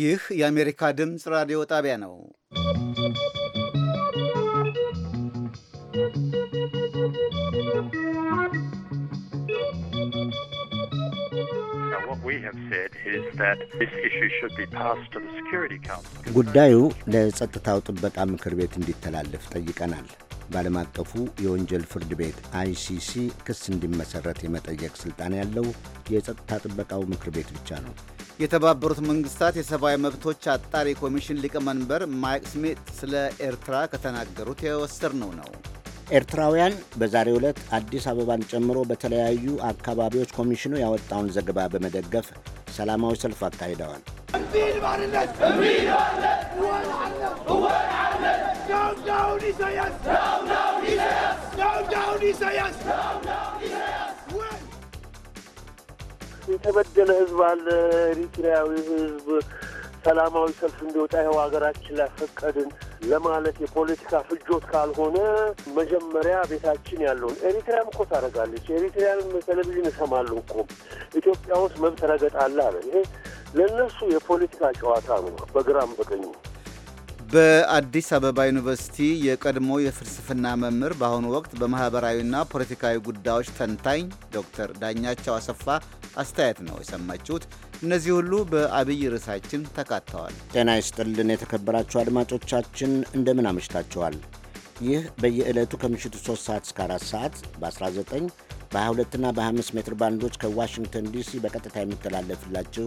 ይህ የአሜሪካ ድምፅ ራዲዮ ጣቢያ ነው። ጉዳዩ ለጸጥታው ጥበቃ ምክር ቤት እንዲተላለፍ ጠይቀናል። በዓለም አቀፉ የወንጀል ፍርድ ቤት አይሲሲ ክስ እንዲመሠረት የመጠየቅ ሥልጣን ያለው የጸጥታ ጥበቃው ምክር ቤት ብቻ ነው። የተባበሩት መንግስታት የሰብአዊ መብቶች አጣሪ ኮሚሽን ሊቀመንበር ማይክ ስሚት ስለ ኤርትራ ከተናገሩት የወሰድነው ነው። ኤርትራውያን በዛሬ ዕለት አዲስ አበባን ጨምሮ በተለያዩ አካባቢዎች ኮሚሽኑ ያወጣውን ዘገባ በመደገፍ ሰላማዊ ሰልፍ አካሂደዋል። የተበደለ ህዝብ አለ። ኤሪትሪያዊ ህዝብ ሰላማዊ ሰልፍ እንዲወጣ ይኸው ሀገራችን ላይ ፈቀድን ለማለት የፖለቲካ ፍጆት ካልሆነ መጀመሪያ ቤታችን ያለውን ኤሪትሪያም እኮ ታደርጋለች። ኤሪትሪያን ቴሌቪዥን እሰማለሁ እኮ ኢትዮጵያ ውስጥ መብት አለ አለ። ይሄ ለእነሱ የፖለቲካ ጨዋታ ነው፣ በግራም በቀኙ በአዲስ አበባ ዩኒቨርሲቲ የቀድሞ የፍልስፍና መምህር በአሁኑ ወቅት በማህበራዊና ፖለቲካዊ ጉዳዮች ተንታኝ ዶክተር ዳኛቸው አሰፋ አስተያየት ነው የሰማችሁት። እነዚህ ሁሉ በአብይ ርዕሳችን ተካተዋል። ጤና ይስጥልን የተከበራችሁ አድማጮቻችን እንደምን አመሽታችኋል? ይህ በየዕለቱ ከምሽቱ 3 ሰዓት እስከ 4 ሰዓት በ19 በ22ና በ25 ሜትር ባንዶች ከዋሽንግተን ዲሲ በቀጥታ የሚተላለፍላችሁ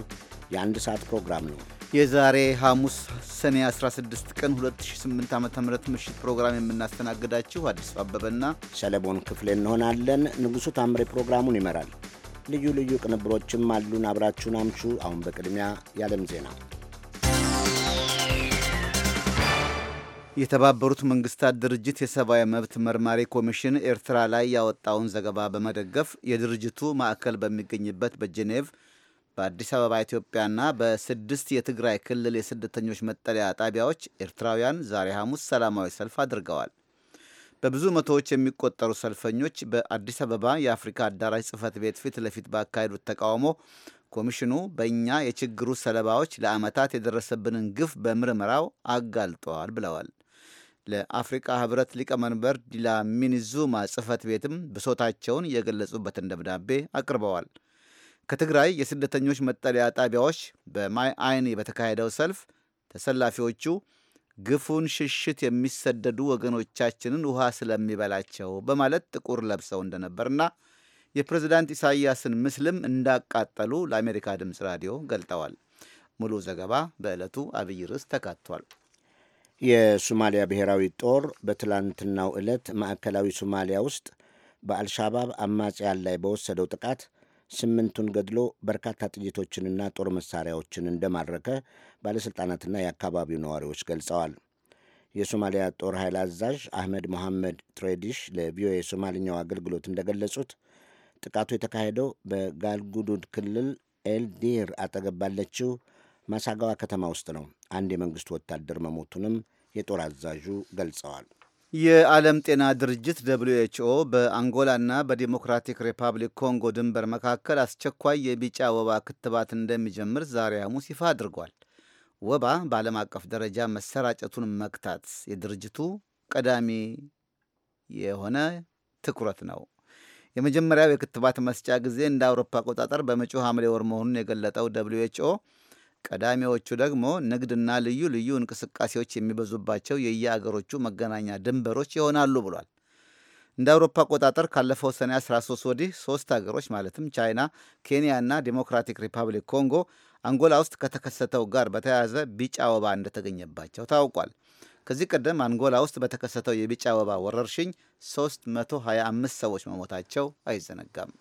የአንድ ሰዓት ፕሮግራም ነው። የዛሬ ሐሙስ ሰኔ 16 ቀን 2008 ዓ ም ምሽት ፕሮግራም የምናስተናግዳችሁ አዲስ አበበና ሰለሞን ክፍሌ እንሆናለን። ንጉሡ ታምሬ ፕሮግራሙን ይመራል። ልዩ ልዩ ቅንብሮችም አሉን። አብራችሁን አምቹ። አሁን በቅድሚያ የዓለም ዜና። የተባበሩት መንግስታት ድርጅት የሰብአዊ መብት መርማሪ ኮሚሽን ኤርትራ ላይ ያወጣውን ዘገባ በመደገፍ የድርጅቱ ማዕከል በሚገኝበት በጄኔቭ በአዲስ አበባ ኢትዮጵያና በስድስት የትግራይ ክልል የስደተኞች መጠለያ ጣቢያዎች ኤርትራውያን ዛሬ ሐሙስ ሰላማዊ ሰልፍ አድርገዋል። በብዙ መቶዎች የሚቆጠሩ ሰልፈኞች በአዲስ አበባ የአፍሪካ አዳራሽ ጽህፈት ቤት ፊት ለፊት ባካሄዱት ተቃውሞ ኮሚሽኑ በእኛ የችግሩ ሰለባዎች ለዓመታት የደረሰብንን ግፍ በምርመራው አጋልጧል ብለዋል። ለአፍሪካ ህብረት ሊቀመንበር ዲላሚኒዙማ ጽህፈት ቤትም ብሶታቸውን የገለጹበትን ደብዳቤ አቅርበዋል። ከትግራይ የስደተኞች መጠለያ ጣቢያዎች በማይ አይን በተካሄደው ሰልፍ ተሰላፊዎቹ ግፉን ሽሽት የሚሰደዱ ወገኖቻችንን ውሃ ስለሚበላቸው በማለት ጥቁር ለብሰው እንደነበርና የፕሬዝዳንት ኢሳይያስን ምስልም እንዳቃጠሉ ለአሜሪካ ድምፅ ራዲዮ ገልጠዋል። ሙሉ ዘገባ በዕለቱ አብይ ርዕስ ተካቷል። የሶማሊያ ብሔራዊ ጦር በትላንትናው ዕለት ማዕከላዊ ሶማሊያ ውስጥ በአልሻባብ አማጽያን ላይ በወሰደው ጥቃት ስምንቱን ገድሎ በርካታ ጥይቶችንና ጦር መሳሪያዎችን እንደማረከ ባለሥልጣናትና የአካባቢው ነዋሪዎች ገልጸዋል። የሶማሊያ ጦር ኃይል አዛዥ አህመድ መሐመድ ትሬዲሽ ለቪኦኤ የሶማልኛው አገልግሎት እንደገለጹት ጥቃቱ የተካሄደው በጋልጉዱድ ክልል ኤልዲር አጠገብ ባለችው ማሳጋዋ ከተማ ውስጥ ነው። አንድ የመንግሥት ወታደር መሞቱንም የጦር አዛዡ ገልጸዋል። የዓለም ጤና ድርጅት ደብሊው ኤችኦ በአንጎላና በዲሞክራቲክ ሪፐብሊክ ኮንጎ ድንበር መካከል አስቸኳይ የቢጫ ወባ ክትባት እንደሚጀምር ዛሬ ሐሙስ ይፋ አድርጓል። ወባ በዓለም አቀፍ ደረጃ መሰራጨቱን መክታት የድርጅቱ ቀዳሚ የሆነ ትኩረት ነው። የመጀመሪያው የክትባት መስጫ ጊዜ እንደ አውሮፓ አቆጣጠር በመጪው ሐምሌ ወር መሆኑን የገለጠው ደብሊው ኤችኦ ቀዳሚዎቹ ደግሞ ንግድና ልዩ ልዩ እንቅስቃሴዎች የሚበዙባቸው የየአገሮቹ መገናኛ ድንበሮች ይሆናሉ ብሏል። እንደ አውሮፓ አቆጣጠር ካለፈው ሰኔ 13 ወዲህ ሶስት አገሮች ማለትም ቻይና፣ ኬንያና ዲሞክራቲክ ሪፐብሊክ ኮንጎ አንጎላ ውስጥ ከተከሰተው ጋር በተያያዘ ቢጫ ወባ እንደተገኘባቸው ታውቋል። ከዚህ ቀደም አንጎላ ውስጥ በተከሰተው የቢጫ ወባ ወረርሽኝ 325 ሰዎች መሞታቸው አይዘነጋም።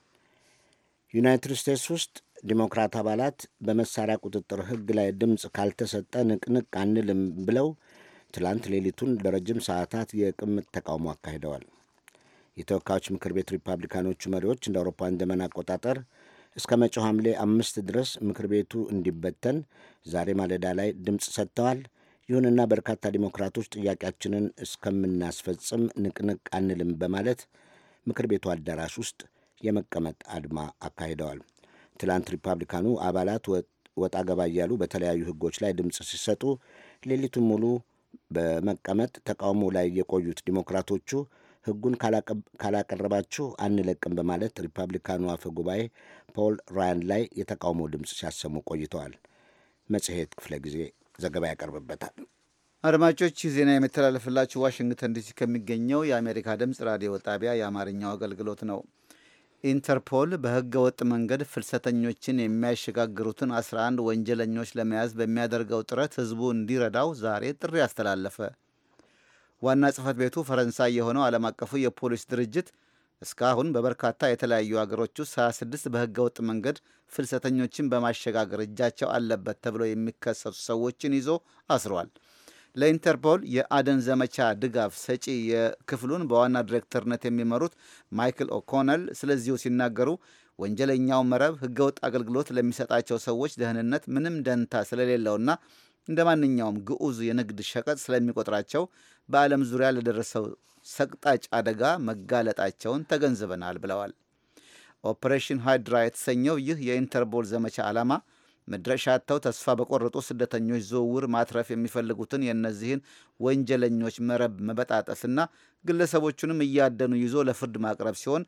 ዩናይትድ ስቴትስ ውስጥ ዲሞክራት አባላት በመሳሪያ ቁጥጥር ሕግ ላይ ድምፅ ካልተሰጠ ንቅንቅ አንልም ብለው ትላንት ሌሊቱን ለረጅም ሰዓታት የቅምጥ ተቃውሞ አካሂደዋል። የተወካዮች ምክር ቤት ሪፐብሊካኖቹ መሪዎች እንደ አውሮፓውያን ዘመን አቆጣጠር እስከ መጪው ሐምሌ አምስት ድረስ ምክር ቤቱ እንዲበተን ዛሬ ማለዳ ላይ ድምፅ ሰጥተዋል። ይሁንና በርካታ ዲሞክራቶች ጥያቄያችንን እስከምናስፈጽም ንቅንቅ አንልም በማለት ምክር ቤቱ አዳራሽ ውስጥ የመቀመጥ አድማ አካሂደዋል። ትላንት ሪፐብሊካኑ አባላት ወጣ ገባ እያሉ በተለያዩ ህጎች ላይ ድምፅ ሲሰጡ ሌሊቱን ሙሉ በመቀመጥ ተቃውሞ ላይ የቆዩት ዲሞክራቶቹ ህጉን ካላቀረባችሁ አንለቅም በማለት ሪፐብሊካኑ አፈ ጉባኤ ፖል ራያን ላይ የተቃውሞ ድምፅ ሲያሰሙ ቆይተዋል። መጽሔት ክፍለ ጊዜ ዘገባ ያቀርብበታል። አድማጮች ዜና የሚተላለፍላችሁ ዋሽንግተን ዲሲ ከሚገኘው የአሜሪካ ድምፅ ራዲዮ ጣቢያ የአማርኛው አገልግሎት ነው። ኢንተርፖል በህገ ወጥ መንገድ ፍልሰተኞችን የሚያሸጋግሩትን 11 ወንጀለኞች ለመያዝ በሚያደርገው ጥረት ህዝቡ እንዲረዳው ዛሬ ጥሪ አስተላለፈ። ዋና ጽህፈት ቤቱ ፈረንሳይ የሆነው ዓለም አቀፉ የፖሊስ ድርጅት እስካሁን በበርካታ የተለያዩ አገሮች ውስጥ 26 በህገ ወጥ መንገድ ፍልሰተኞችን በማሸጋገር እጃቸው አለበት ተብለው የሚከሰሱ ሰዎችን ይዞ አስሯል። ለኢንተርፖል የአደን ዘመቻ ድጋፍ ሰጪ የክፍሉን በዋና ዲሬክተርነት የሚመሩት ማይክል ኦኮነል ስለዚሁ ሲናገሩ ወንጀለኛው መረብ ህገወጥ አገልግሎት ለሚሰጣቸው ሰዎች ደህንነት ምንም ደንታ ስለሌለውና እንደ ማንኛውም ግዑዝ የንግድ ሸቀጥ ስለሚቆጥራቸው በዓለም ዙሪያ ለደረሰው ሰቅጣጭ አደጋ መጋለጣቸውን ተገንዝበናል ብለዋል። ኦፕሬሽን ሃይድራ የተሰኘው ይህ የኢንተርፖል ዘመቻ ዓላማ መድረሻ አጥተው ተስፋ በቆረጡ ስደተኞች ዝውውር ማትረፍ የሚፈልጉትን የእነዚህን ወንጀለኞች መረብ መበጣጠስና ግለሰቦቹንም እያደኑ ይዞ ለፍርድ ማቅረብ ሲሆን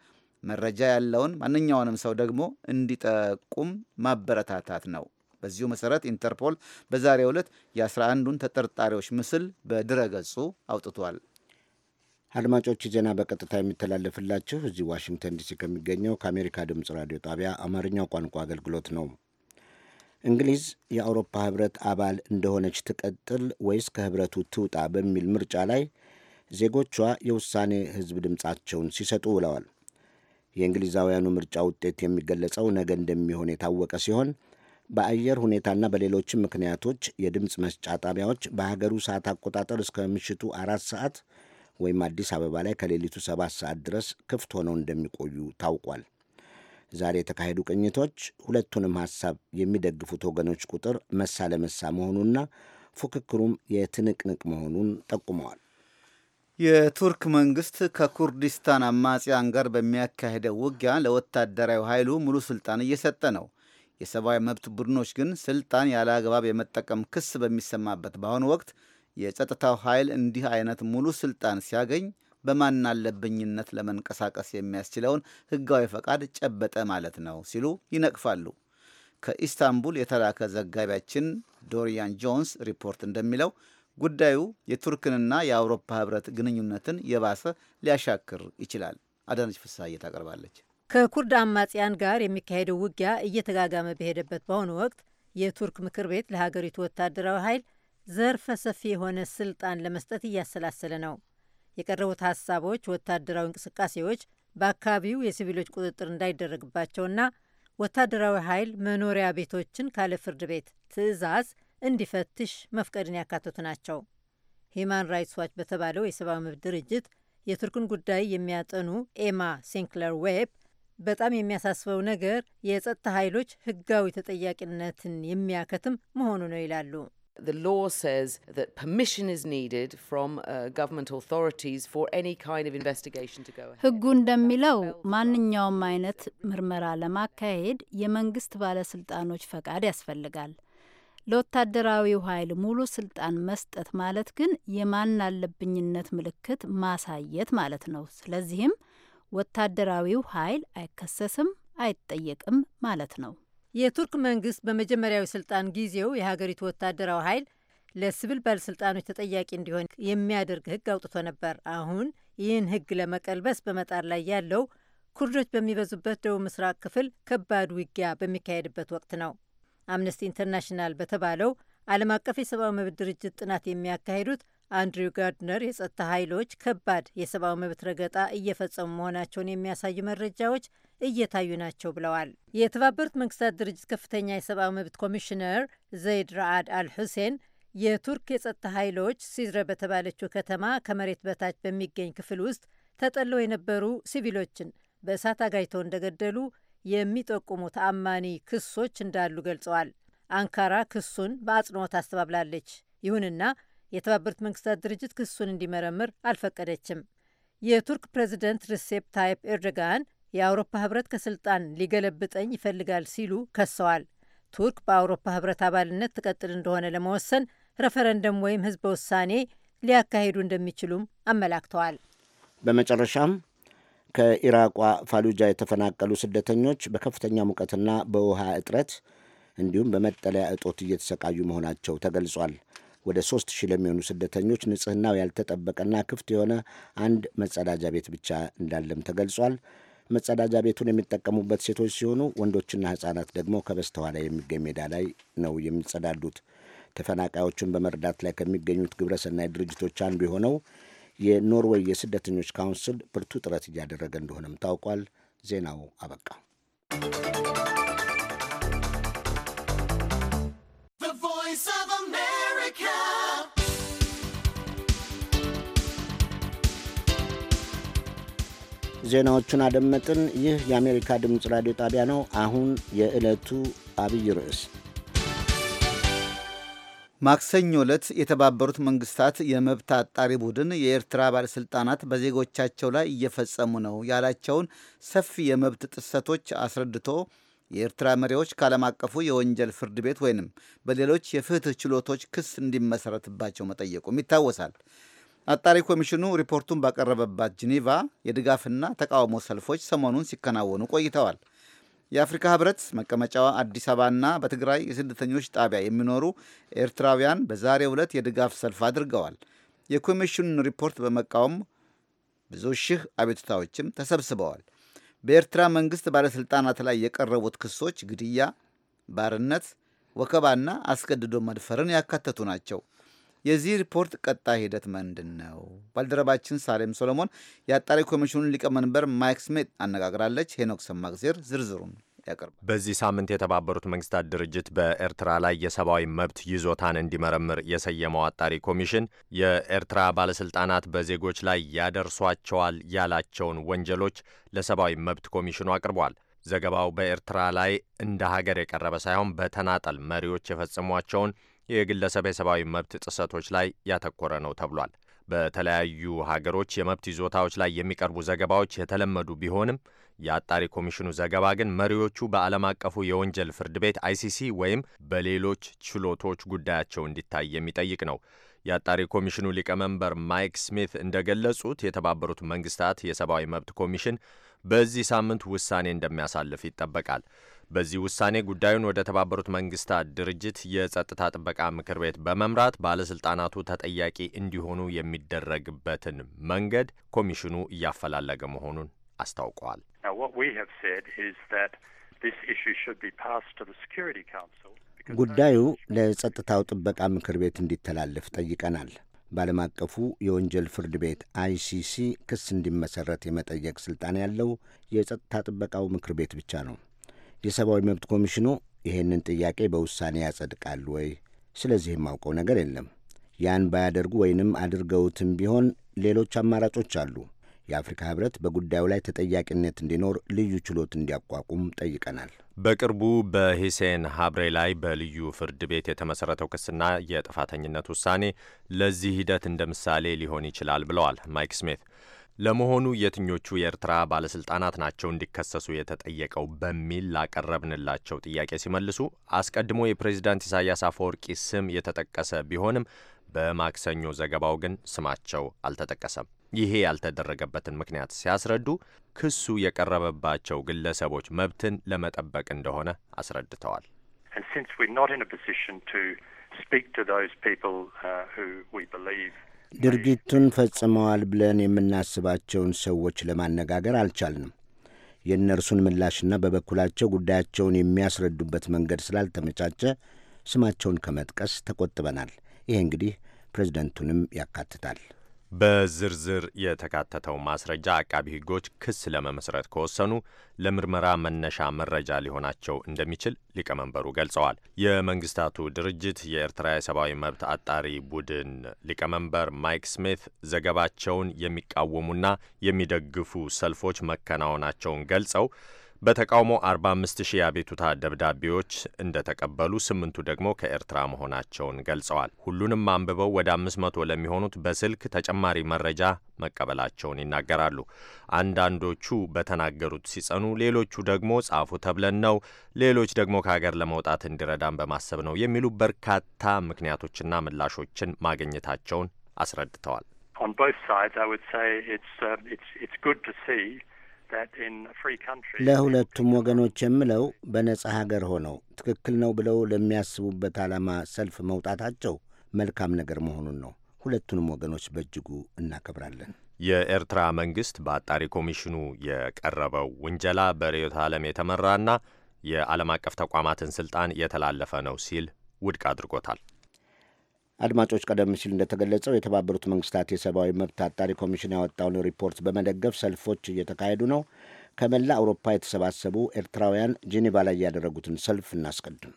መረጃ ያለውን ማንኛውንም ሰው ደግሞ እንዲጠቁም ማበረታታት ነው። በዚሁ መሰረት ኢንተርፖል በዛሬው ዕለት የ11ዱን ተጠርጣሪዎች ምስል በድረ-ገጹ አውጥቷል። አድማጮች ዜና በቀጥታ የሚተላለፍላችሁ እዚህ ዋሽንግተን ዲሲ ከሚገኘው ከአሜሪካ ድምፅ ራዲዮ ጣቢያ አማርኛው ቋንቋ አገልግሎት ነው። እንግሊዝ የአውሮፓ ህብረት አባል እንደሆነች ትቀጥል ወይስ ከህብረቱ ትውጣ በሚል ምርጫ ላይ ዜጎቿ የውሳኔ ህዝብ ድምፃቸውን ሲሰጡ ውለዋል። የእንግሊዛውያኑ ምርጫ ውጤት የሚገለጸው ነገ እንደሚሆን የታወቀ ሲሆን በአየር ሁኔታና በሌሎችም ምክንያቶች የድምፅ መስጫ ጣቢያዎች በሀገሩ ሰዓት አቆጣጠር እስከ ምሽቱ አራት ሰዓት ወይም አዲስ አበባ ላይ ከሌሊቱ ሰባት ሰዓት ድረስ ክፍት ሆነው እንደሚቆዩ ታውቋል። ዛሬ የተካሄዱ ቅኝቶች ሁለቱንም ሀሳብ የሚደግፉት ወገኖች ቁጥር መሳ ለመሳ መሆኑና ፉክክሩም የትንቅንቅ መሆኑን ጠቁመዋል። የቱርክ መንግስት ከኩርዲስታን አማጽያን ጋር በሚያካሄደው ውጊያ ለወታደራዊ ኃይሉ ሙሉ ስልጣን እየሰጠ ነው። የሰብአዊ መብት ቡድኖች ግን ስልጣን ያለ አግባብ የመጠቀም ክስ በሚሰማበት በአሁኑ ወቅት የጸጥታው ኃይል እንዲህ አይነት ሙሉ ስልጣን ሲያገኝ በማናለብኝነት ለመንቀሳቀስ የሚያስችለውን ህጋዊ ፈቃድ ጨበጠ ማለት ነው ሲሉ ይነቅፋሉ። ከኢስታንቡል የተላከ ዘጋቢያችን ዶሪያን ጆንስ ሪፖርት እንደሚለው ጉዳዩ የቱርክንና የአውሮፓ ህብረት ግንኙነትን የባሰ ሊያሻክር ይችላል። አዳነች ፍሳ ታቀርባለች። ከኩርድ አማጽያን ጋር የሚካሄደው ውጊያ እየተጋጋመ በሄደበት በአሁኑ ወቅት የቱርክ ምክር ቤት ለሀገሪቱ ወታደራዊ ኃይል ዘርፈ ሰፊ የሆነ ስልጣን ለመስጠት እያሰላሰለ ነው። የቀረቡት ሀሳቦች ወታደራዊ እንቅስቃሴዎች በአካባቢው የሲቪሎች ቁጥጥር እንዳይደረግባቸውና ወታደራዊ ኃይል መኖሪያ ቤቶችን ካለ ፍርድ ቤት ትዕዛዝ እንዲፈትሽ መፍቀድን ያካተቱ ናቸው። ሂማን ራይትስ ዋች በተባለው የሰብአዊ መብት ድርጅት የቱርክን ጉዳይ የሚያጠኑ ኤማ ሲንክለር ዌብ በጣም የሚያሳስበው ነገር የጸጥታ ኃይሎች ህጋዊ ተጠያቂነትን የሚያከትም መሆኑ ነው ይላሉ። The law says that permission is needed from uh, government authorities for any kind of investigation to go ahead. ሕጉ እንደሚለው ማንኛውም አይነት ምርመራ ለማካሄድ የመንግስት ባለስልጣኖች ፈቃድ ያስፈልጋል። ለወታደራዊው ኃይል ሙሉ ስልጣን መስጠት ማለት ግን የማናለብኝነት ምልክት ማሳየት ማለት ነው። ስለዚህም ወታደራዊው ኃይል አይከሰስም፣ አይጠየቅም ማለት ነው። የቱርክ መንግስት በመጀመሪያዊ ስልጣን ጊዜው የሀገሪቱ ወታደራዊ ኃይል ለሲቪል ባለስልጣኖች ተጠያቂ እንዲሆን የሚያደርግ ህግ አውጥቶ ነበር። አሁን ይህን ህግ ለመቀልበስ በመጣር ላይ ያለው ኩርዶች በሚበዙበት ደቡብ ምስራቅ ክፍል ከባድ ውጊያ በሚካሄድበት ወቅት ነው። አምነስቲ ኢንተርናሽናል በተባለው ዓለም አቀፍ የሰብአዊ መብት ድርጅት ጥናት የሚያካሂዱት አንድሪው ጋርድነር የጸጥታ ኃይሎች ከባድ የሰብአዊ መብት ረገጣ እየፈጸሙ መሆናቸውን የሚያሳዩ መረጃዎች እየታዩ ናቸው ብለዋል። የተባበሩት መንግስታት ድርጅት ከፍተኛ የሰብአዊ መብት ኮሚሽነር ዘይድ ራአድ አል ሁሴን የቱርክ የጸጥታ ኃይሎች ሲዝረ በተባለችው ከተማ ከመሬት በታች በሚገኝ ክፍል ውስጥ ተጠለው የነበሩ ሲቪሎችን በእሳት አጋይተው እንደገደሉ የሚጠቁሙ ተአማኒ ክሶች እንዳሉ ገልጸዋል። አንካራ ክሱን በአጽንኦት አስተባብላለች። ይሁንና የተባበሩት መንግስታት ድርጅት ክሱን እንዲመረምር አልፈቀደችም። የቱርክ ፕሬዚደንት ሪሴፕ ታይፕ ኤርዶጋን የአውሮፓ ህብረት ከስልጣን ሊገለብጠኝ ይፈልጋል ሲሉ ከሰዋል። ቱርክ በአውሮፓ ህብረት አባልነት ትቀጥል እንደሆነ ለመወሰን ረፈረንደም ወይም ህዝበ ውሳኔ ሊያካሂዱ እንደሚችሉም አመላክተዋል። በመጨረሻም ከኢራቋ ፋሉጃ የተፈናቀሉ ስደተኞች በከፍተኛ ሙቀትና በውሃ እጥረት እንዲሁም በመጠለያ እጦት እየተሰቃዩ መሆናቸው ተገልጿል። ወደ ሶስት ሺህ ለሚሆኑ ስደተኞች ንጽህናው ያልተጠበቀና ክፍት የሆነ አንድ መጸዳጃ ቤት ብቻ እንዳለም ተገልጿል። መጸዳጃ ቤቱን የሚጠቀሙበት ሴቶች ሲሆኑ ወንዶችና ህጻናት ደግሞ ከበስተኋላ የሚገኝ ሜዳ ላይ ነው የሚጸዳዱት። ተፈናቃዮቹን በመርዳት ላይ ከሚገኙት ግብረሰናይ ድርጅቶች አንዱ የሆነው የኖርዌይ የስደተኞች ካውንስል ብርቱ ጥረት እያደረገ እንደሆነም ታውቋል። ዜናው አበቃ። ዜናዎቹን አደመጥን። ይህ የአሜሪካ ድምፅ ራዲዮ ጣቢያ ነው። አሁን የዕለቱ አብይ ርዕስ ማክሰኞ ዕለት የተባበሩት መንግስታት የመብት አጣሪ ቡድን የኤርትራ ባለሥልጣናት በዜጎቻቸው ላይ እየፈጸሙ ነው ያላቸውን ሰፊ የመብት ጥሰቶች አስረድቶ የኤርትራ መሪዎች ከዓለም አቀፉ የወንጀል ፍርድ ቤት ወይንም በሌሎች የፍትህ ችሎቶች ክስ እንዲመሰረትባቸው መጠየቁም ይታወሳል። አጣሪ ኮሚሽኑ ሪፖርቱን ባቀረበባት ጂኔቫ የድጋፍና ተቃውሞ ሰልፎች ሰሞኑን ሲከናወኑ ቆይተዋል። የአፍሪካ ህብረት መቀመጫዋ አዲስ አበባና በትግራይ የስደተኞች ጣቢያ የሚኖሩ ኤርትራውያን በዛሬ ዕለት የድጋፍ ሰልፍ አድርገዋል። የኮሚሽኑን ሪፖርት በመቃወም ብዙ ሺህ አቤቱታዎችም ተሰብስበዋል። በኤርትራ መንግስት ባለሥልጣናት ላይ የቀረቡት ክሶች ግድያ፣ ባርነት፣ ወከባና አስገድዶ መድፈርን ያካተቱ ናቸው። የዚህ ሪፖርት ቀጣይ ሂደት ምንድን ነው? ባልደረባችን ሳሌም ሶሎሞን የአጣሪ ኮሚሽኑን ሊቀመንበር ማይክ ስሚት አነጋግራለች። ሄኖክ ሰማግዜር ዝርዝሩን ያቀርባል። በዚህ ሳምንት የተባበሩት መንግስታት ድርጅት በኤርትራ ላይ የሰብአዊ መብት ይዞታን እንዲመረምር የሰየመው አጣሪ ኮሚሽን የኤርትራ ባለስልጣናት በዜጎች ላይ ያደርሷቸዋል ያላቸውን ወንጀሎች ለሰብአዊ መብት ኮሚሽኑ አቅርቧል። ዘገባው በኤርትራ ላይ እንደ ሀገር የቀረበ ሳይሆን በተናጠል መሪዎች የፈጸሟቸውን የግለሰብ የሰብአዊ መብት ጥሰቶች ላይ ያተኮረ ነው ተብሏል። በተለያዩ ሀገሮች የመብት ይዞታዎች ላይ የሚቀርቡ ዘገባዎች የተለመዱ ቢሆንም የአጣሪ ኮሚሽኑ ዘገባ ግን መሪዎቹ በዓለም አቀፉ የወንጀል ፍርድ ቤት አይሲሲ ወይም በሌሎች ችሎቶች ጉዳያቸው እንዲታይ የሚጠይቅ ነው። የአጣሪ ኮሚሽኑ ሊቀመንበር ማይክ ስሚት እንደገለጹት የተባበሩት መንግስታት የሰብአዊ መብት ኮሚሽን በዚህ ሳምንት ውሳኔ እንደሚያሳልፍ ይጠበቃል። በዚህ ውሳኔ ጉዳዩን ወደ ተባበሩት መንግስታት ድርጅት የጸጥታ ጥበቃ ምክር ቤት በመምራት ባለስልጣናቱ ተጠያቂ እንዲሆኑ የሚደረግበትን መንገድ ኮሚሽኑ እያፈላለገ መሆኑን አስታውቀዋል። ጉዳዩ ለጸጥታው ጥበቃ ምክር ቤት እንዲተላለፍ ጠይቀናል። በዓለም አቀፉ የወንጀል ፍርድ ቤት አይሲሲ ክስ እንዲመሰረት የመጠየቅ ስልጣን ያለው የጸጥታ ጥበቃው ምክር ቤት ብቻ ነው። የሰብአዊ መብት ኮሚሽኑ ይህንን ጥያቄ በውሳኔ ያጸድቃል ወይ? ስለዚህ የማውቀው ነገር የለም። ያን ባያደርጉ ወይንም አድርገውትም ቢሆን ሌሎች አማራጮች አሉ። የአፍሪካ ህብረት በጉዳዩ ላይ ተጠያቂነት እንዲኖር ልዩ ችሎት እንዲያቋቁም ጠይቀናል። በቅርቡ በሂሴን ሀብሬ ላይ በልዩ ፍርድ ቤት የተመሰረተው ክስና የጥፋተኝነት ውሳኔ ለዚህ ሂደት እንደ ምሳሌ ሊሆን ይችላል ብለዋል ማይክ ስሚት። ለመሆኑ የትኞቹ የኤርትራ ባለስልጣናት ናቸው እንዲከሰሱ የተጠየቀው በሚል ላቀረብንላቸው ጥያቄ ሲመልሱ አስቀድሞ የፕሬዚዳንት ኢሳያስ አፈወርቂ ስም የተጠቀሰ ቢሆንም በማክሰኞ ዘገባው ግን ስማቸው አልተጠቀሰም። ይሄ ያልተደረገበትን ምክንያት ሲያስረዱ ክሱ የቀረበባቸው ግለሰቦች መብትን ለመጠበቅ እንደሆነ አስረድተዋል። ድርጊቱን ፈጽመዋል ብለን የምናስባቸውን ሰዎች ለማነጋገር አልቻልንም። የእነርሱን ምላሽና በበኩላቸው ጉዳያቸውን የሚያስረዱበት መንገድ ስላልተመቻቸ ስማቸውን ከመጥቀስ ተቆጥበናል። ይሄ እንግዲህ ፕሬዝደንቱንም ያካትታል። በዝርዝር የተካተተው ማስረጃ አቃቢ ሕጎች ክስ ለመመስረት ከወሰኑ ለምርመራ መነሻ መረጃ ሊሆናቸው እንደሚችል ሊቀመንበሩ ገልጸዋል። የመንግስታቱ ድርጅት የኤርትራ የሰብአዊ መብት አጣሪ ቡድን ሊቀመንበር ማይክ ስሚት ዘገባቸውን የሚቃወሙና የሚደግፉ ሰልፎች መከናወናቸውን ገልጸው በተቃውሞ 45000 የአቤቱታ ደብዳቤዎች እንደተቀበሉ ስምንቱ ደግሞ ከኤርትራ መሆናቸውን ገልጸዋል። ሁሉንም አንብበው ወደ 500 ለሚሆኑት በስልክ ተጨማሪ መረጃ መቀበላቸውን ይናገራሉ። አንዳንዶቹ በተናገሩት ሲጸኑ፣ ሌሎቹ ደግሞ ጻፉ ተብለን ነው፣ ሌሎች ደግሞ ከሀገር ለመውጣት እንዲረዳን በማሰብ ነው የሚሉ በርካታ ምክንያቶችና ምላሾችን ማግኘታቸውን አስረድተዋል። On both sides, I would say it's, um, it's, it's good to see ለሁለቱም ወገኖች የምለው በነጻ ሀገር ሆነው ትክክል ነው ብለው ለሚያስቡበት ዓላማ ሰልፍ መውጣታቸው መልካም ነገር መሆኑን ነው። ሁለቱንም ወገኖች በእጅጉ እናከብራለን። የኤርትራ መንግስት በአጣሪ ኮሚሽኑ የቀረበው ውንጀላ በርዕዮተ ዓለም የተመራና የዓለም አቀፍ ተቋማትን ስልጣን የተላለፈ ነው ሲል ውድቅ አድርጎታል። አድማጮች ቀደም ሲል እንደተገለጸው የተባበሩት መንግስታት የሰብአዊ መብት አጣሪ ኮሚሽን ያወጣውን ሪፖርት በመደገፍ ሰልፎች እየተካሄዱ ነው። ከመላ አውሮፓ የተሰባሰቡ ኤርትራውያን ጄኔቫ ላይ ያደረጉትን ሰልፍ እናስቀድም።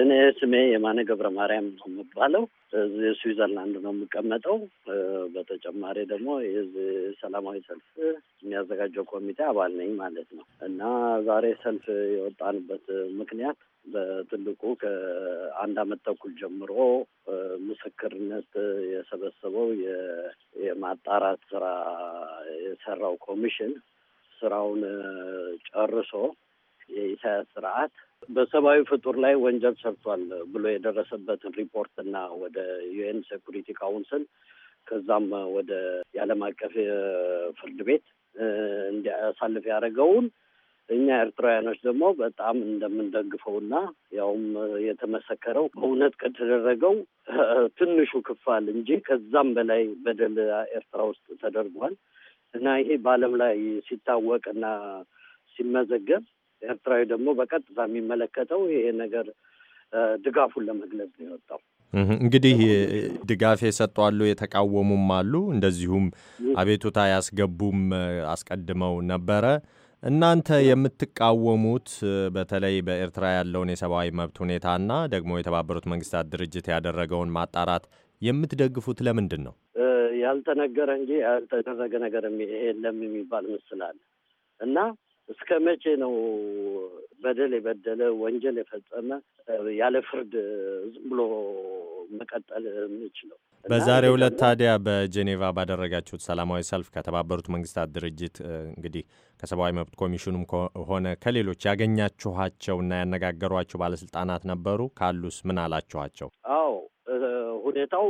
እኔ ስሜ የማነ ገብረ ማርያም ነው የምባለው። እዚህ ስዊዘርላንድ ነው የምቀመጠው። በተጨማሪ ደግሞ የዚህ ሰላማዊ ሰልፍ የሚያዘጋጀው ኮሚቴ አባል ነኝ ማለት ነው እና ዛሬ ሰልፍ የወጣንበት ምክንያት በትልቁ ከአንድ አመት ተኩል ጀምሮ ምስክርነት የሰበሰበው የማጣራት ስራ የሰራው ኮሚሽን ስራውን ጨርሶ የኢሳያስ ስርዓት በሰብአዊ ፍጡር ላይ ወንጀል ሰርቷል ብሎ የደረሰበትን ሪፖርት እና ወደ ዩኤን ሴኩሪቲ ካውንስል ከዛም ወደ የዓለም አቀፍ ፍርድ ቤት እንዲያሳልፍ ያደረገውን እኛ ኤርትራውያኖች ደግሞ በጣም እንደምንደግፈው እና ያውም የተመሰከረው በእውነት ከተደረገው ትንሹ ክፋል እንጂ ከዛም በላይ በደል ኤርትራ ውስጥ ተደርጓል እና ይሄ በዓለም ላይ ሲታወቅ እና ሲመዘገብ ኤርትራዊ ደግሞ በቀጥታ የሚመለከተው ይሄ ነገር ድጋፉን ለመግለጽ ነው የወጣው። እንግዲህ ድጋፍ የሰጡ አሉ፣ የተቃወሙም አሉ፣ እንደዚሁም አቤቱታ ያስገቡም አስቀድመው ነበረ። እናንተ የምትቃወሙት በተለይ በኤርትራ ያለውን የሰብአዊ መብት ሁኔታና ደግሞ የተባበሩት መንግስታት ድርጅት ያደረገውን ማጣራት የምትደግፉት ለምንድን ነው? ያልተነገረ እንጂ ያልተደረገ ነገር የለም የሚባል ምስል አለ እና እስከ መቼ ነው በደል የበደለ ወንጀል የፈጸመ ያለ ፍርድ ዝም ብሎ መቀጠል የሚችለው? በዛሬ ሁለት ታዲያ በጄኔቫ ባደረጋችሁት ሰላማዊ ሰልፍ ከተባበሩት መንግስታት ድርጅት እንግዲህ ከሰብአዊ መብት ኮሚሽኑም ሆነ ከሌሎች እና ያነጋገሯቸው ባለስልጣናት ነበሩ? ካሉስ ምን አላችኋቸው? አዎ ሁኔታው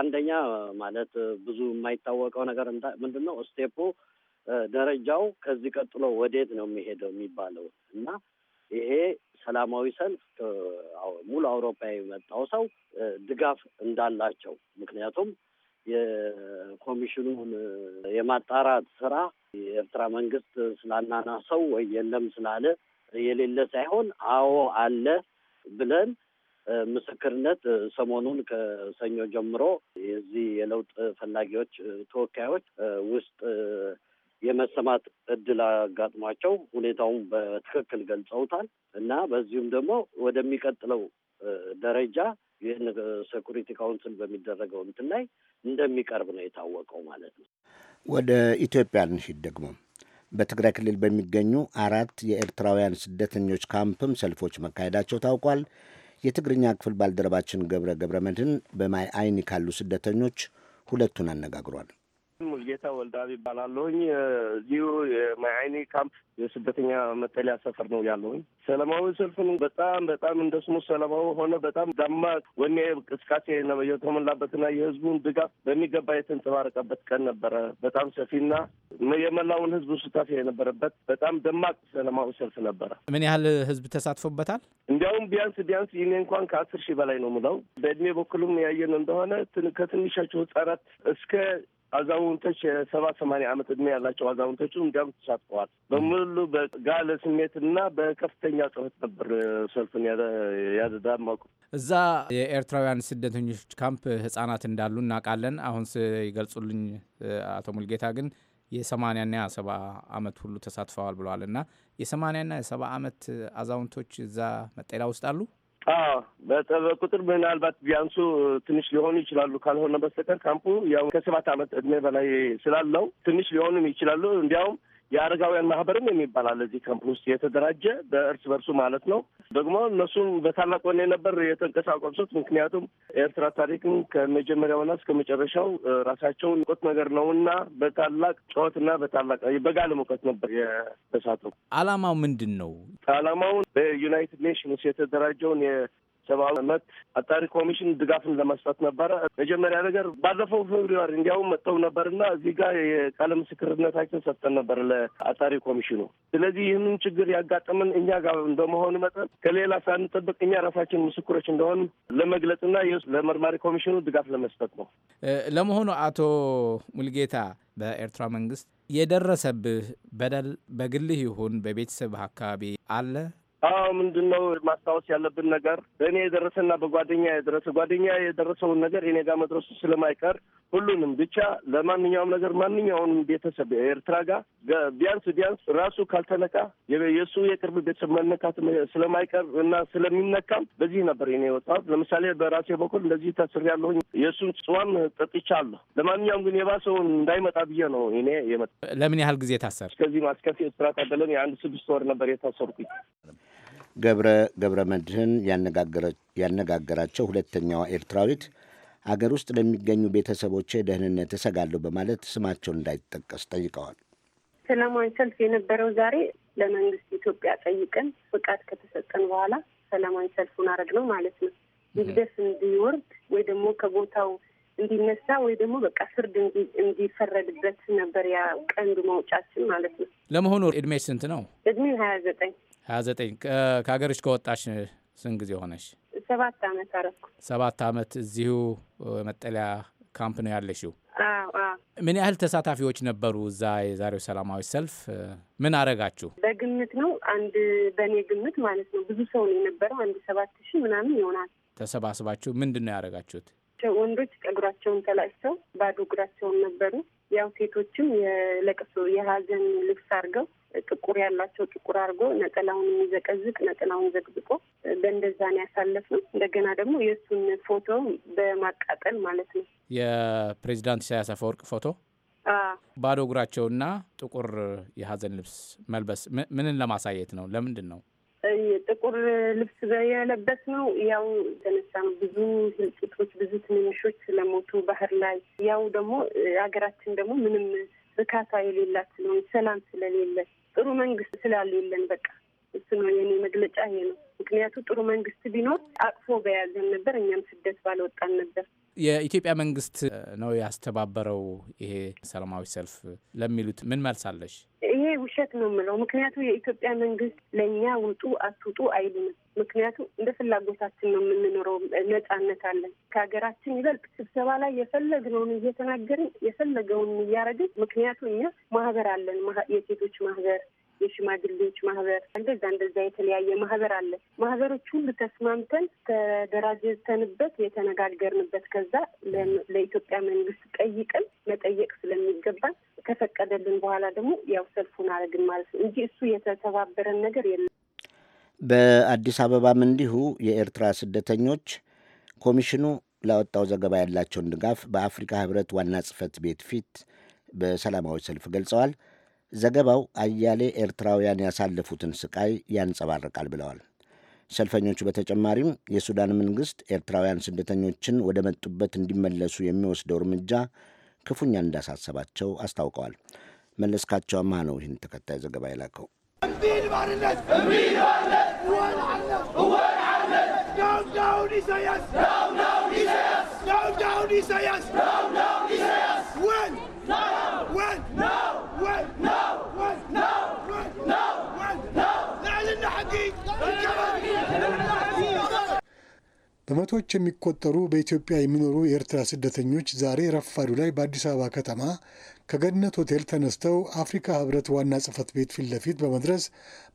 አንደኛ ማለት ብዙ የማይታወቀው ነገር ምንድን ነው ስቴፑ ደረጃው ከዚህ ቀጥሎ ወዴት ነው የሚሄደው የሚባለው እና ይሄ ሰላማዊ ሰልፍ ሙሉ አውሮፓ የመጣው ሰው ድጋፍ እንዳላቸው ምክንያቱም የኮሚሽኑን የማጣራት ስራ የኤርትራ መንግስት ስላናናሰው ወይ የለም ስላለ የሌለ ሳይሆን አዎ አለ ብለን ምስክርነት ሰሞኑን ከሰኞ ጀምሮ የዚህ የለውጥ ፈላጊዎች ተወካዮች ውስጥ የመሰማት እድል አጋጥሟቸው ሁኔታውን በትክክል ገልጸውታል እና በዚሁም ደግሞ ወደሚቀጥለው ደረጃ ይህን ሴኩሪቲ ካውንስል በሚደረገው እንትን ላይ እንደሚቀርብ ነው የታወቀው ማለት ነው። ወደ ኢትዮጵያ እንሂድ ደግሞ በትግራይ ክልል በሚገኙ አራት የኤርትራውያን ስደተኞች ካምፕም ሰልፎች መካሄዳቸው ታውቋል። የትግርኛ ክፍል ባልደረባችን ገብረ ገብረ መድህን በማይ አይኒ ካሉ ስደተኞች ሁለቱን አነጋግሯል። ሙልጌታ ወልዳብ ይባላለሁኝ። እዚሁ የማይአይኒ ካምፕ የስደተኛ መጠለያ ሰፈር ነው ያለሁኝ። ሰላማዊ ሰልፍን በጣም በጣም እንደ ስሙ ሰላማዊ ሆነ። በጣም ደማቅ ወኔ እንቅስቃሴ የተሞላበትና የህዝቡን ድጋፍ በሚገባ የተንጸባረቀበት ቀን ነበረ። በጣም ሰፊና የመላውን ህዝብ ሱታፊ የነበረበት በጣም ደማቅ ሰላማዊ ሰልፍ ነበረ። ምን ያህል ህዝብ ተሳትፎበታል? እንዲያውም ቢያንስ ቢያንስ ይኔ እንኳን ከአስር ሺህ በላይ ነው ምለው በእድሜ በኩልም ያየን እንደሆነ ከትንሻቸው ህጻናት እስከ አዛውንቶች የሰባ ሰማንያ ዓመት እድሜ ያላቸው አዛውንቶቹ እንዲያም ተሳትፈዋል። በሙሉ በጋለ ስሜትና በከፍተኛ ጽፈት ነበር ሰልፍን ያደዳ እዛ የኤርትራውያን ስደተኞች ካምፕ ህጻናት እንዳሉ እናውቃለን። አሁን ይገልጹልኝ አቶ ሙልጌታ ግን የሰማንያና የሰባ ዓመት ሁሉ ተሳትፈዋል ብለዋል እና የሰማንያና የሰባ ዓመት አዛውንቶች እዛ መጠለያ ውስጥ አሉ። በቁጥር ምናልባት ቢያንሱ ትንሽ ሊሆኑ ይችላሉ። ካልሆነ በስተቀር ካምፑ ያው ከሰባት ዓመት እድሜ በላይ ስላለው ትንሽ ሊሆኑ ይችላሉ። እንዲያውም የአረጋውያን ማህበርም የሚባል አለ እዚህ ካምፕ ውስጥ የተደራጀ በእርስ በርሱ ማለት ነው። ደግሞ እነሱም በታላቅ ወኔ ነበር የተንቀሳቀሱት። ምክንያቱም ኤርትራ ታሪክን ከመጀመሪያውና እስከ መጨረሻው ራሳቸውን ቆት ነገር ነውና በታላቅ ና በታላቅ በጋለ ሙቀት ነበር የተሳተፉ። አላማው ምንድን ነው? አላማውን በዩናይትድ ኔሽንስ የተደራጀውን ሰብአዊ መብት አጣሪ ኮሚሽን ድጋፍን ለመስጠት ነበረ። መጀመሪያ ነገር ባለፈው ፌብሪዋሪ እንዲያውም መጥተው ነበርና እዚህ ጋር የቃለ ምስክርነታችን ሰጥተን ነበር ለአጣሪ ኮሚሽኑ። ስለዚህ ይህንን ችግር ያጋጠመን እኛ ጋር እንደመሆኑ መጠን ከሌላ ሳንጠብቅ እኛ ራሳችን ምስክሮች እንደሆን ለመግለጽና ለመርማሪ ኮሚሽኑ ድጋፍ ለመስጠት ነው። ለመሆኑ አቶ ሙልጌታ በኤርትራ መንግስት የደረሰብህ በደል በግልህ ይሁን በቤተሰብ አካባቢ አለ? አዎ ምንድን ነው ማስታወስ ያለብን ነገር በእኔ የደረሰና በጓደኛ የደረሰ ጓደኛ የደረሰውን ነገር እኔ ጋር መድረሱ ስለማይቀር ሁሉንም ብቻ ለማንኛውም ነገር ማንኛውንም ቤተሰብ ኤርትራ ጋር ቢያንስ ቢያንስ ራሱ ካልተነካ የእሱ የቅርብ ቤተሰብ መነካት ስለማይቀር እና ስለሚነካም በዚህ ነበር እኔ ወጣት። ለምሳሌ በራሴ በኩል እንደዚህ ታስሬያለሁ። የእሱን ጽዋም አለሁ ለማንኛውም ግን የባሰውን እንዳይመጣ ብዬ ነው እኔ የመጣ። ለምን ያህል ጊዜ ታሰር? እስከዚህ ማስከፊ እስራት ታደለን የአንድ ስድስት ወር ነበር የታሰርኩኝ። ገብረ ገብረ መድህን ያነጋገራቸው ሁለተኛዋ ኤርትራዊት አገር ውስጥ ለሚገኙ ቤተሰቦቼ ደህንነት እሰጋለሁ በማለት ስማቸው እንዳይጠቀስ ጠይቀዋል። ሰላማዊ ሰልፍ የነበረው ዛሬ ለመንግስት ኢትዮጵያ ጠይቀን ፍቃድ ከተሰጠን በኋላ ሰላማዊ ሰልፉን አረግ ነው ማለት ነው። ይግደፍ እንዲወርድ ወይ ደግሞ ከቦታው እንዲነሳ ወይ ደግሞ በቃ ፍርድ እንዲፈረድበት ነበር ያ ቀንዱ መውጫችን ማለት ነው። ለመሆኑ እድሜ ስንት ነው? እድሜ ሀያ ዘጠኝ ሀያ ዘጠኝ ከሀገርሽ ከወጣሽ ስንት ጊዜ ሆነሽ? ሰባት አመት አረኩ። ሰባት አመት እዚሁ መጠለያ ካምፕ ነው ያለሽው? ምን ያህል ተሳታፊዎች ነበሩ እዛ የዛሬው ሰላማዊ ሰልፍ? ምን አረጋችሁ? በግምት ነው አንድ በእኔ ግምት ማለት ነው ብዙ ሰው ነው የነበረው። አንድ ሰባት ሺህ ምናምን ይሆናል። ተሰባስባችሁ ምንድን ነው ያደረጋችሁት? ያላቸው ወንዶች ጸጉራቸውን ተላጭተው ባዶ እግራቸውን ነበሩ። ያው ሴቶችም የለቅሶ የሀዘን ልብስ አድርገው ጥቁር ያላቸው ጥቁር አድርጎ ነጠላውን የሚዘቀዝቅ ነጠላውን ዘቅዝቆ በእንደዛ ነው ያሳለፍነው። እንደገና ደግሞ የእሱን ፎቶ በማቃጠል ማለት ነው የፕሬዚዳንት ኢሳያስ አፈወርቅ ፎቶ ባዶ እግራቸውና ጥቁር የሀዘን ልብስ መልበስ ምንን ለማሳየት ነው? ለምንድን ነው? ጥቁር ልብስ የለበስ ነው። ያው ነው። ብዙ ህልቂቶች፣ ብዙ ትንንሾች ስለሞቱ ባህር ላይ ያው ደግሞ ሀገራችን ደግሞ ምንም እርካታ የሌላት ስለሆነ ሰላም ስለሌለ ጥሩ መንግስት ስላሌለን በቃ እሱ ነው የኔ መግለጫ ይሄ ነው። ምክንያቱ ጥሩ መንግስት ቢኖር አቅፎ በያዘን ነበር፣ እኛም ስደት ባለወጣን ነበር። የኢትዮጵያ መንግስት ነው ያስተባበረው ይሄ ሰላማዊ ሰልፍ ለሚሉት ምን መልስ አለሽ? ይሄ ውሸት ነው የምለው። ምክንያቱ የኢትዮጵያ መንግስት ለእኛ ውጡ አትውጡ አይሉንም። ምክንያቱ እንደ ፍላጎታችን ነው የምንኖረው። ነጻነት አለን ከሀገራችን ይበልጥ ስብሰባ ላይ የፈለግነውን እየተናገርን የፈለገውን እያረግን። ምክንያቱ እኛ ማህበር አለን፣ የሴቶች ማህበር የሽማግሌዎች ማህበር እንደዛ እንደዛ የተለያየ ማህበር አለ። ማህበሮች ሁሉ ተስማምተን ተደራጀተንበት የተነጋገርንበት ከዛ ለኢትዮጵያ መንግስት ጠይቀን መጠየቅ ስለሚገባን ከፈቀደልን በኋላ ደግሞ ያው ሰልፉን አረግን ማለት ነው እንጂ እሱ የተተባበረን ነገር የለም። በአዲስ አበባም እንዲሁ የኤርትራ ስደተኞች ኮሚሽኑ ላወጣው ዘገባ ያላቸውን ድጋፍ በአፍሪካ ህብረት ዋና ጽህፈት ቤት ፊት በሰላማዊ ሰልፍ ገልጸዋል። ዘገባው አያሌ ኤርትራውያን ያሳለፉትን ስቃይ ያንጸባርቃል ብለዋል ሰልፈኞቹ። በተጨማሪም የሱዳን መንግሥት ኤርትራውያን ስደተኞችን ወደ መጡበት እንዲመለሱ የሚወስደው እርምጃ ክፉኛ እንዳሳሰባቸው አስታውቀዋል። መለስካቸው አማህ ነው ይህን ተከታይ ዘገባ የላከው። ኢሳያስ በመቶዎች የሚቆጠሩ በኢትዮጵያ የሚኖሩ የኤርትራ ስደተኞች ዛሬ ረፋዱ ላይ በአዲስ አበባ ከተማ ከገነት ሆቴል ተነስተው አፍሪካ ህብረት ዋና ጽህፈት ቤት ፊት ለፊት በመድረስ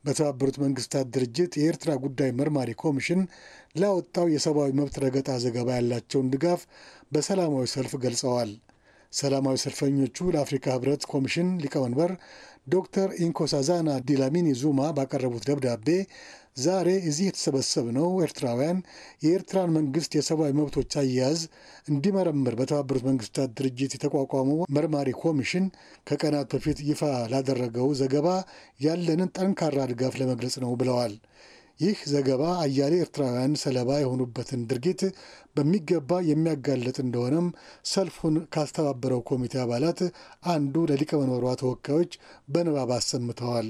በተባበሩት መንግስታት ድርጅት የኤርትራ ጉዳይ መርማሪ ኮሚሽን ላወጣው የሰብአዊ መብት ረገጣ ዘገባ ያላቸውን ድጋፍ በሰላማዊ ሰልፍ ገልጸዋል። ሰላማዊ ሰልፈኞቹ ለአፍሪካ ህብረት ኮሚሽን ሊቀመንበር ዶክተር ኢንኮሳዛና ዲላሚኒ ዙማ ባቀረቡት ደብዳቤ ዛሬ እዚህ የተሰበሰብነው ኤርትራውያን የኤርትራን መንግስት የሰብአዊ መብቶች አያያዝ እንዲመረምር በተባበሩት መንግስታት ድርጅት የተቋቋመው መርማሪ ኮሚሽን ከቀናት በፊት ይፋ ላደረገው ዘገባ ያለንን ጠንካራ ድጋፍ ለመግለጽ ነው ብለዋል። ይህ ዘገባ አያሌ ኤርትራውያን ሰለባ የሆኑበትን ድርጊት በሚገባ የሚያጋለጥ እንደሆነም ሰልፉን ካስተባበረው ኮሚቴ አባላት አንዱ ለሊቀመንበሯ ተወካዮች በንባብ አሰምተዋል።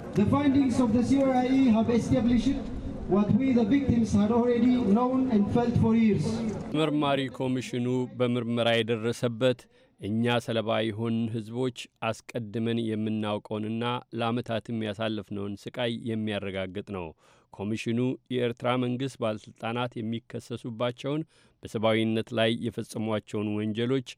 መርማሪ ኮሚሽኑ በምርመራ የደረሰበት እኛ ሰለባ የሆን ህዝቦች አስቀድመን የምናውቀውንና ለዓመታትም ያሳለፍነውን ስቃይ የሚያረጋግጥ ነው። ኮሚሽኑ የኤርትራ መንግሥት ባለሥልጣናት የሚከሰሱባቸውን በሰብአዊነት ላይ የፈጸሟቸውን ወንጀሎች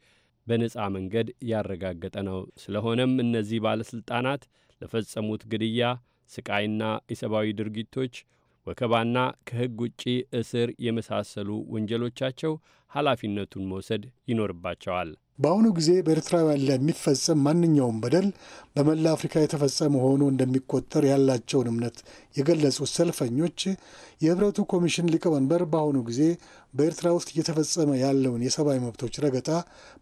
በነጻ መንገድ ያረጋገጠ ነው። ስለሆነም እነዚህ ባለሥልጣናት ለፈጸሙት ግድያ፣ ስቃይና የሰብአዊ ድርጊቶች ወከባና ከሕግ ውጪ እስር የመሳሰሉ ወንጀሎቻቸው ኃላፊነቱን መውሰድ ይኖርባቸዋል። በአሁኑ ጊዜ በኤርትራውያን ላይ የሚፈጸም ማንኛውም በደል በመላ አፍሪካ የተፈጸመ ሆኖ እንደሚቆጠር ያላቸውን እምነት የገለጹት ሰልፈኞች የህብረቱ ኮሚሽን ሊቀመንበር በአሁኑ ጊዜ በኤርትራ ውስጥ እየተፈጸመ ያለውን የሰብአዊ መብቶች ረገጣ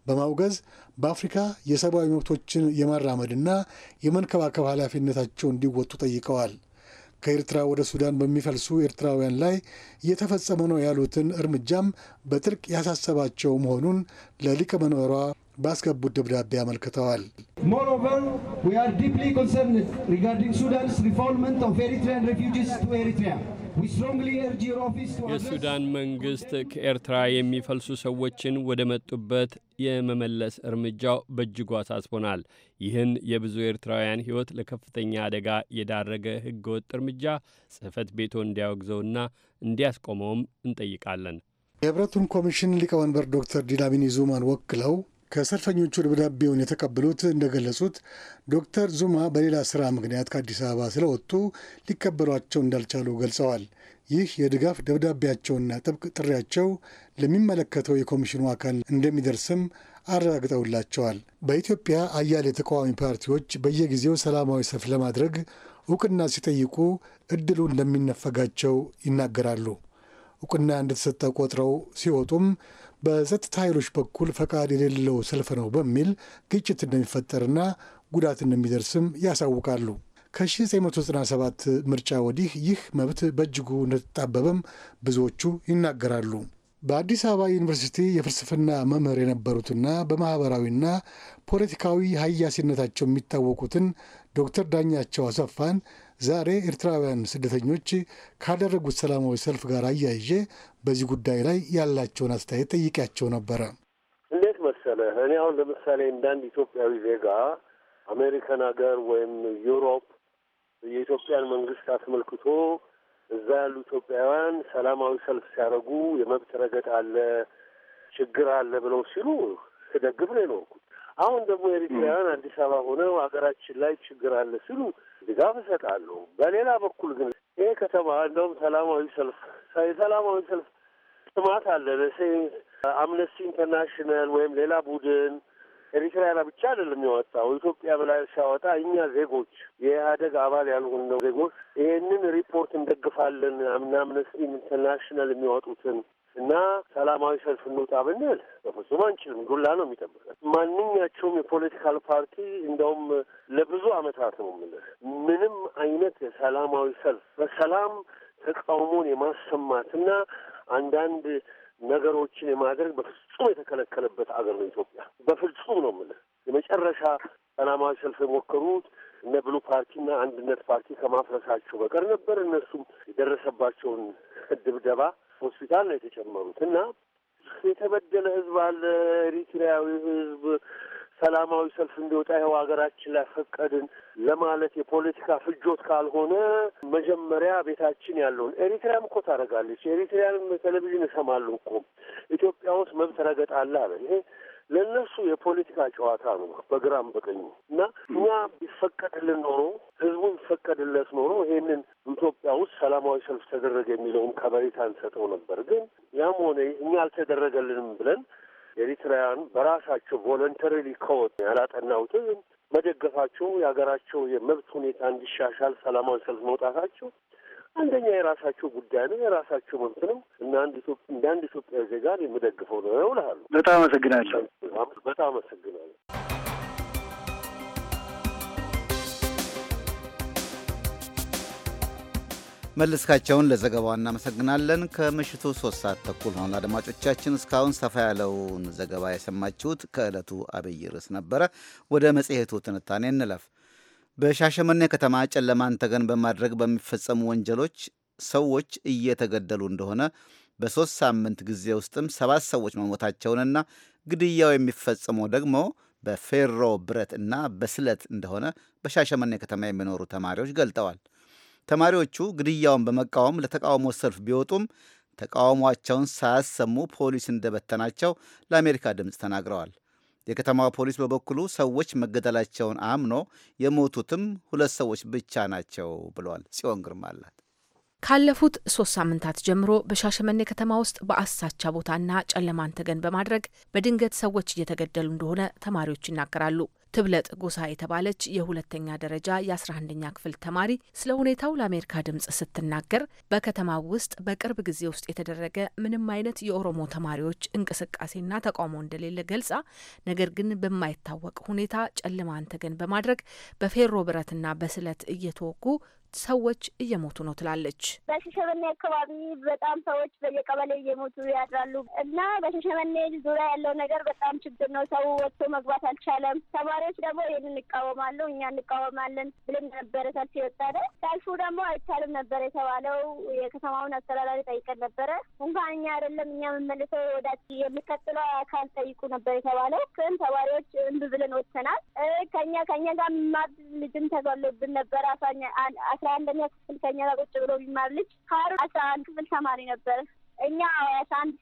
በማውገዝ በአፍሪካ የሰብአዊ መብቶችን የማራመድና የመንከባከብ ኃላፊነታቸው እንዲወጡ ጠይቀዋል። ከኤርትራ ወደ ሱዳን በሚፈልሱ ኤርትራውያን ላይ እየተፈጸመ ነው ያሉትን እርምጃም በጥልቅ ያሳሰባቸው መሆኑን ለሊቀመንበሯ ባስገቡት ደብዳቤ አመልክተዋል። ሞሮቨር ዊ አር ዲፕሊ ኮንሰርን ሪጋርዲንግ ሱዳንስ ሪፎልመንት ኦፍ ኤሪትሪያን ሬፊውጂስ ቱ ኤሪትሪያ የሱዳን መንግስት ከኤርትራ የሚፈልሱ ሰዎችን ወደ መጡበት የመመለስ እርምጃው በእጅጉ አሳስቦናል። ይህን የብዙ ኤርትራውያን ሕይወት ለከፍተኛ አደጋ የዳረገ ወጥ እርምጃ ጽህፈት ቤቶ እንዲያወግዘውና እንዲያስቆመውም እንጠይቃለን። የህብረቱን ኮሚሽን ሊቀመንበር ዶክተር ዲላሚኒ ዙማን ወክለው ከሰልፈኞቹ ደብዳቤውን የተቀበሉት እንደገለጹት ዶክተር ዙማ በሌላ ስራ ምክንያት ከአዲስ አበባ ስለወጡ ሊከበሏቸው እንዳልቻሉ ገልጸዋል። ይህ የድጋፍ ደብዳቤያቸውና ጥብቅ ጥሪያቸው ለሚመለከተው የኮሚሽኑ አካል እንደሚደርስም አረጋግጠውላቸዋል። በኢትዮጵያ አያሌ ተቃዋሚ ፓርቲዎች በየጊዜው ሰላማዊ ሰልፍ ለማድረግ እውቅና ሲጠይቁ እድሉ እንደሚነፈጋቸው ይናገራሉ። እውቅና እንደተሰጠ ቆጥረው ሲወጡም በጸጥታ ኃይሎች በኩል ፈቃድ የሌለው ሰልፍ ነው በሚል ግጭት እንደሚፈጠርና ጉዳት እንደሚደርስም ያሳውቃሉ። ከ1997 ምርጫ ወዲህ ይህ መብት በእጅጉ እንደተጣበበም ብዙዎቹ ይናገራሉ። በአዲስ አበባ ዩኒቨርሲቲ የፍልስፍና መምህር የነበሩትና በማኅበራዊና ፖለቲካዊ ሀያሲነታቸው የሚታወቁትን ዶክተር ዳኛቸው አሰፋን ዛሬ ኤርትራውያን ስደተኞች ካደረጉት ሰላማዊ ሰልፍ ጋር አያይዤ በዚህ ጉዳይ ላይ ያላቸውን አስተያየት ጠይቄያቸው ነበረ። እንዴት መሰለህ፣ እኔ አሁን ለምሳሌ እንዳንድ ኢትዮጵያዊ ዜጋ አሜሪካን ሀገር ወይም ዩሮፕ የኢትዮጵያን መንግስት አስመልክቶ እዛ ያሉ ኢትዮጵያውያን ሰላማዊ ሰልፍ ሲያደርጉ የመብት ረገጥ አለ ችግር አለ ብለው ሲሉ ስደግፍ ነው የኖርኩት። አሁን ደግሞ ኤሪትራውያን አዲስ አበባ ሆነው ሀገራችን ላይ ችግር አለ ሲሉ ድጋፍ እሰጣለሁ። በሌላ በኩል ግን ይሄ ከተማ እንደውም ሰላማዊ ሰልፍ የሰላማዊ ሰልፍ ጥማት አለ። አምነስቲ ኢንተርናሽናል ወይም ሌላ ቡድን ኤሪትራያን ብቻ አይደለም የወጣው ኢትዮጵያ ብላ ሲያወጣ እኛ ዜጎች የኢህአደግ አባል ነው ዜጎች ይሄንን ሪፖርት እንደግፋለን አምነስቲ ኢንተርናሽናል የሚወጡትን። እና ሰላማዊ ሰልፍ እንውጣ ብንል በፍጹም አንችልም። ዱላ ነው የሚጠብቀን። ማንኛቸውም የፖለቲካል ፓርቲ እንደውም ለብዙ አመታት ነው የምልህ ምንም አይነት የሰላማዊ ሰልፍ በሰላም ተቃውሞን የማሰማትና አንዳንድ ነገሮችን የማድረግ በፍጹም የተከለከለበት አገር ነው ኢትዮጵያ። በፍጹም ነው የምልህ የመጨረሻ ሰላማዊ ሰልፍ የሞከሩት እነ ብሉ ፓርቲና አንድነት ፓርቲ ከማፍረሳቸው በቀር ነበር። እነሱም የደረሰባቸውን ድብደባ ሆስፒታል ነው የተጨመሩት እና የተበደለ ህዝብ አለ። ኤሪትሪያዊ ህዝብ ሰላማዊ ሰልፍ እንዲወጣ ይኸው ሀገራችን ላይ ፈቀድን ለማለት የፖለቲካ ፍጆት ካልሆነ መጀመሪያ ቤታችን ያለውን ኤሪትሪያም እኮ ታደርጋለች። ኤሪትሪያንም ቴሌቪዥን እሰማለሁ እኮ ኢትዮጵያ ውስጥ መብት ረገጣ አለ አለ። ይሄ ለእነሱ የፖለቲካ ጨዋታ ነው በግራም በቀኙ እና እኛ ቢፈቀድልን ኖሮ ህዝቡ ቢፈቀድለት ኖሮ ይሄንን ኢትዮጵያ ውስጥ ሰላማዊ ሰልፍ ተደረገ የሚለውን ከበሬታ እንሰጠው ነበር። ግን ያም ሆነ እኛ አልተደረገልንም ብለን ኤሪትራውያን በራሳቸው ቮለንተሪሊ ከወጡ ያላጠናውትን መደገፋቸው የሀገራቸው የመብት ሁኔታ እንዲሻሻል ሰላማዊ ሰልፍ መውጣታቸው አንደኛ የራሳቸው ጉዳይ ነው፣ የራሳቸው መብት ነው እና አንድ እንደ አንድ ኢትዮጵያ ዜጋ የምደግፈው ነው እልሃለሁ። በጣም አመሰግናለሁ። በጣም አመሰግናለሁ። መለስካቸውን ለዘገባው እናመሰግናለን። ከምሽቱ ሶስት ሰዓት ተኩል ሆኗል። አድማጮቻችን እስካሁን ሰፋ ያለውን ዘገባ የሰማችሁት ከዕለቱ አብይ ርዕስ ነበረ። ወደ መጽሔቱ ትንታኔ እንለፍ። በሻሸመኔ ከተማ ጨለማን ተገን በማድረግ በሚፈጸሙ ወንጀሎች ሰዎች እየተገደሉ እንደሆነ በሦስት ሳምንት ጊዜ ውስጥም ሰባት ሰዎች መሞታቸውንና ግድያው የሚፈጸመው ደግሞ በፌሮ ብረት እና በስለት እንደሆነ በሻሸመኔ ከተማ የሚኖሩ ተማሪዎች ገልጠዋል። ተማሪዎቹ ግድያውን በመቃወም ለተቃውሞ ሰልፍ ቢወጡም ተቃውሟቸውን ሳያሰሙ ፖሊስ እንደበተናቸው ለአሜሪካ ድምፅ ተናግረዋል። የከተማዋ ፖሊስ በበኩሉ ሰዎች መገደላቸውን አምኖ የሞቱትም ሁለት ሰዎች ብቻ ናቸው ብለል። ጽዮን ግርማ አላት። ካለፉት ሶስት ሳምንታት ጀምሮ በሻሸመኔ ከተማ ውስጥ በአሳቻ ቦታና ጨለማን ተገን በማድረግ በድንገት ሰዎች እየተገደሉ እንደሆነ ተማሪዎች ይናገራሉ። ትብለጥ ጉሳ የተባለች የሁለተኛ ደረጃ የ11ኛ ክፍል ተማሪ ስለ ሁኔታው ለአሜሪካ ድምጽ ስትናገር በከተማው ውስጥ በቅርብ ጊዜ ውስጥ የተደረገ ምንም አይነት የኦሮሞ ተማሪዎች እንቅስቃሴና ተቃውሞ እንደሌለ ገልጻ፣ ነገር ግን በማይታወቅ ሁኔታ ጨለማን ተገን በማድረግ በፌሮ ብረትና በስለት እየተወጉ ሰዎች እየሞቱ ነው ትላለች። በሸሸመኔ አካባቢ በጣም ሰዎች በየቀበሌ እየሞቱ ያድራሉ እና በሸሸመኔ ዙሪያ ያለው ነገር በጣም ችግር ነው። ሰው ወጥቶ መግባት አልቻለም። ተማሪዎች ደግሞ ይህን እንቃወማሉ፣ እኛ እንቃወማለን ብለን ነበረ ሰልፍ የወጣደ። ሰልፉ ደግሞ አይቻልም ነበረ የተባለው። የከተማውን አስተዳዳሪ ጠይቀን ነበረ። እንኳን እኛ አይደለም እኛ የምመልሰው ወዳ የሚቀጥለው አካል ጠይቁ ነበር የተባለው። ግን ተማሪዎች እምቢ ብለን ወጥተናል። ከኛ ከኛ ጋር ማብ ልጅም ተገሎብን ነበረ አሳኛ ለአንደኛ ክፍል ከኛ ጋር ቁጭ ብሎ ቢማር ልጅ ሀሩን አስራ አንድ ክፍል ተማሪ ነበር። እኛ ሳንድ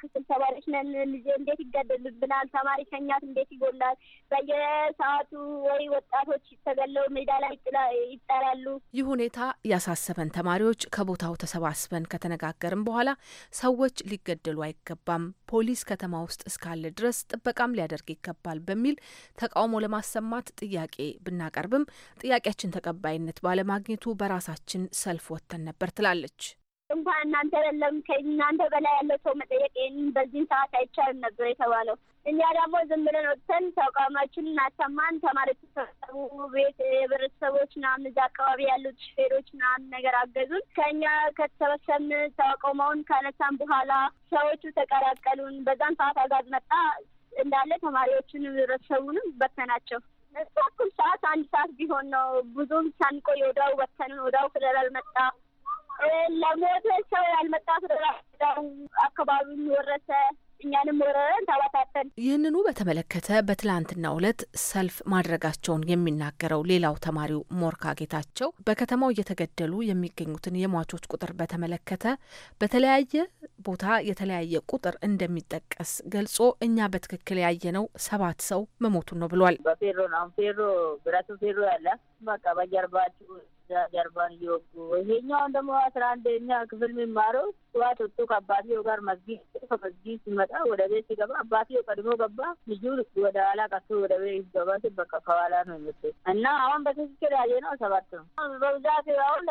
ክፍል ተማሪዎች ነን። ልጅ እንዴት ይገደልብናል? ተማሪ ከኛት እንዴት ይጎላል? በየሰዓቱ ወይ ወጣቶች ተገለው ሜዳ ላይ ይጠላሉ። ይህ ሁኔታ ያሳሰበን ተማሪዎች ከቦታው ተሰባስበን ከተነጋገርን በኋላ ሰዎች ሊገደሉ አይገባም፣ ፖሊስ ከተማ ውስጥ እስካለ ድረስ ጥበቃም ሊያደርግ ይገባል በሚል ተቃውሞ ለማሰማት ጥያቄ ብናቀርብም ጥያቄያችን ተቀባይነት ባለማግኘቱ በራሳችን ሰልፍ ወጥተን ነበር ትላለች። እንኳን እናንተ የለም ከእናንተ በላይ ያለ ሰው መጠየቅ ይህንን በዚህን ሰዓት አይቻልም ነበር የተባለው። እኛ ደግሞ ዝም ብለን ወጥተን ተቋማችንን አሰማን። ተማሪዎች ተሰሩ ቤት የህብረተሰቦች ምናምን እዚ አካባቢ ያሉት ሹፌሮች ምናምን ነገር አገዙን። ከእኛ ከተሰበሰብን ተቋማውን ከነሳን በኋላ ሰዎቹ ተቀላቀሉን። በዛን ሰዓት አጋዝ መጣ እንዳለ ተማሪዎቹንም ህብረተሰቡንም በተናቸው። እዛ እኩል ሰዓት አንድ ሰዓት ቢሆን ነው ብዙም ሳንቆይ ወዳው በተንን። ወዳው ፌደራል መጣ። ለሞተ ሰው ያልመጣ ፍረራዳሩ አካባቢውን ወረሰ እኛንም ወረረን ተባታተን። ይህንኑ በተመለከተ በትላንትና ዕለት ሰልፍ ማድረጋቸውን የሚናገረው ሌላው ተማሪው ሞርካ ጌታቸው በከተማው እየተገደሉ የሚገኙትን የሟቾች ቁጥር በተመለከተ በተለያየ ቦታ የተለያየ ቁጥር እንደሚጠቀስ ገልጾ እኛ በትክክል ያየነው ሰባት ሰው መሞቱን ነው ብሏል። በፌሮ ነው ፌሮ ብረቱ ፌሮ ያለ በቃ በጀርባቸው ጀርባን እየወጉ ይሄኛውን ደግሞ አስራ አንደኛ ክፍል የሚማረው ጠዋት እሱ ከአባትየው ጋር መስጊድ ከመስጊድ ሲመጣ ወደ ቤት ሲገባ አባትየው ቀድሞ ገባ። ልጁ ወደ ኋላ ቀሱ ወደ ቤት ገባ በቃ ከኋላ ነው የመጡ እና አሁን በትክክል ያየ ነው ሰባት ነው በብዛት አሁን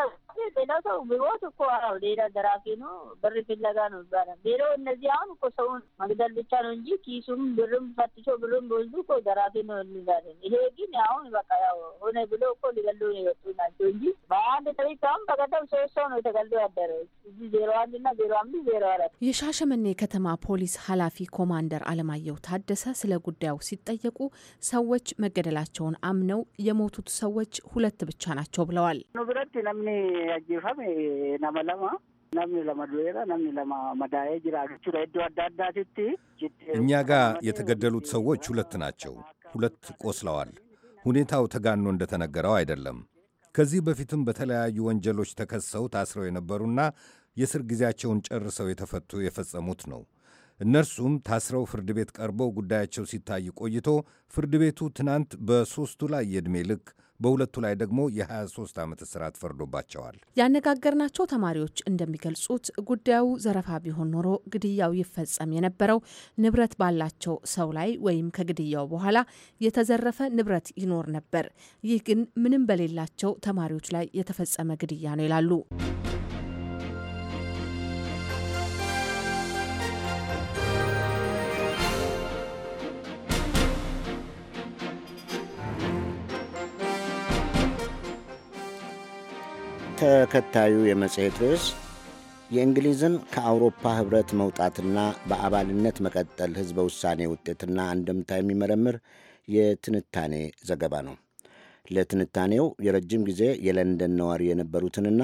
ሌላው ሰው ቢሞት እኮ አዎ ሌላ ደራፊ ነው ብር ፍለጋ ነው ይባላል። ሌላው እነዚህ አሁን እኮ ሰውን መግደል ብቻ ነው እንጂ ኪሱም ብርም ፈትሾ ብሎም በወዙ እኮ ደራፊ ነው እንላለን። ይሄ ግን አሁን በቃ ያው ሆነ ብሎ እኮ ሊገሉ የወጡ ናቸው እንጂ በአንድ ጥሪት አሁን በቀደም ሶስት ሰው ነው የተገሉ ያደረ እዚህ ዜሮ አንድ ና ዜሮ አምስት ዜሮ አራት የሻሸመኔ ከተማ ፖሊስ ኃላፊ ኮማንደር አለማየሁ ታደሰ ስለ ጉዳዩ ሲጠየቁ ሰዎች መገደላቸውን አምነው የሞቱት ሰዎች ሁለት ብቻ ናቸው ብለዋል። ኑብረት ነምኒ አጂፋም ነመለማ ጅራ እኛ ጋር የተገደሉት ሰዎች ሁለት ናቸው። ሁለት ቆስለዋል። ሁኔታው ተጋኖ እንደተነገረው አይደለም። ከዚህ በፊትም በተለያዩ ወንጀሎች ተከሰው ታስረው የነበሩና የስር ጊዜያቸውን ጨርሰው የተፈቱ የፈጸሙት ነው። እነርሱም ታስረው ፍርድ ቤት ቀርበው ጉዳያቸው ሲታይ ቆይቶ ፍርድ ቤቱ ትናንት በሦስቱ ላይ የዕድሜ ልክ በሁለቱ ላይ ደግሞ የ23 ዓመት እስራት ፈርዶባቸዋል። ያነጋገርናቸው ተማሪዎች እንደሚገልጹት ጉዳዩ ዘረፋ ቢሆን ኖሮ ግድያው ይፈጸም የነበረው ንብረት ባላቸው ሰው ላይ ወይም ከግድያው በኋላ የተዘረፈ ንብረት ይኖር ነበር። ይህ ግን ምንም በሌላቸው ተማሪዎች ላይ የተፈጸመ ግድያ ነው ይላሉ። ተከታዩ የመጽሔት ርዕስ የእንግሊዝን ከአውሮፓ ኅብረት መውጣትና በአባልነት መቀጠል ሕዝበ ውሳኔ ውጤትና አንድምታ የሚመረምር የትንታኔ ዘገባ ነው። ለትንታኔው የረጅም ጊዜ የለንደን ነዋሪ የነበሩትንና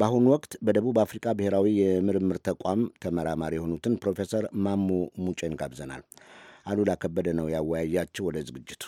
በአሁኑ ወቅት በደቡብ አፍሪካ ብሔራዊ የምርምር ተቋም ተመራማሪ የሆኑትን ፕሮፌሰር ማሞ ሙጬን ጋብዘናል። አሉላ ከበደ ነው ያወያያቸው። ወደ ዝግጅቱ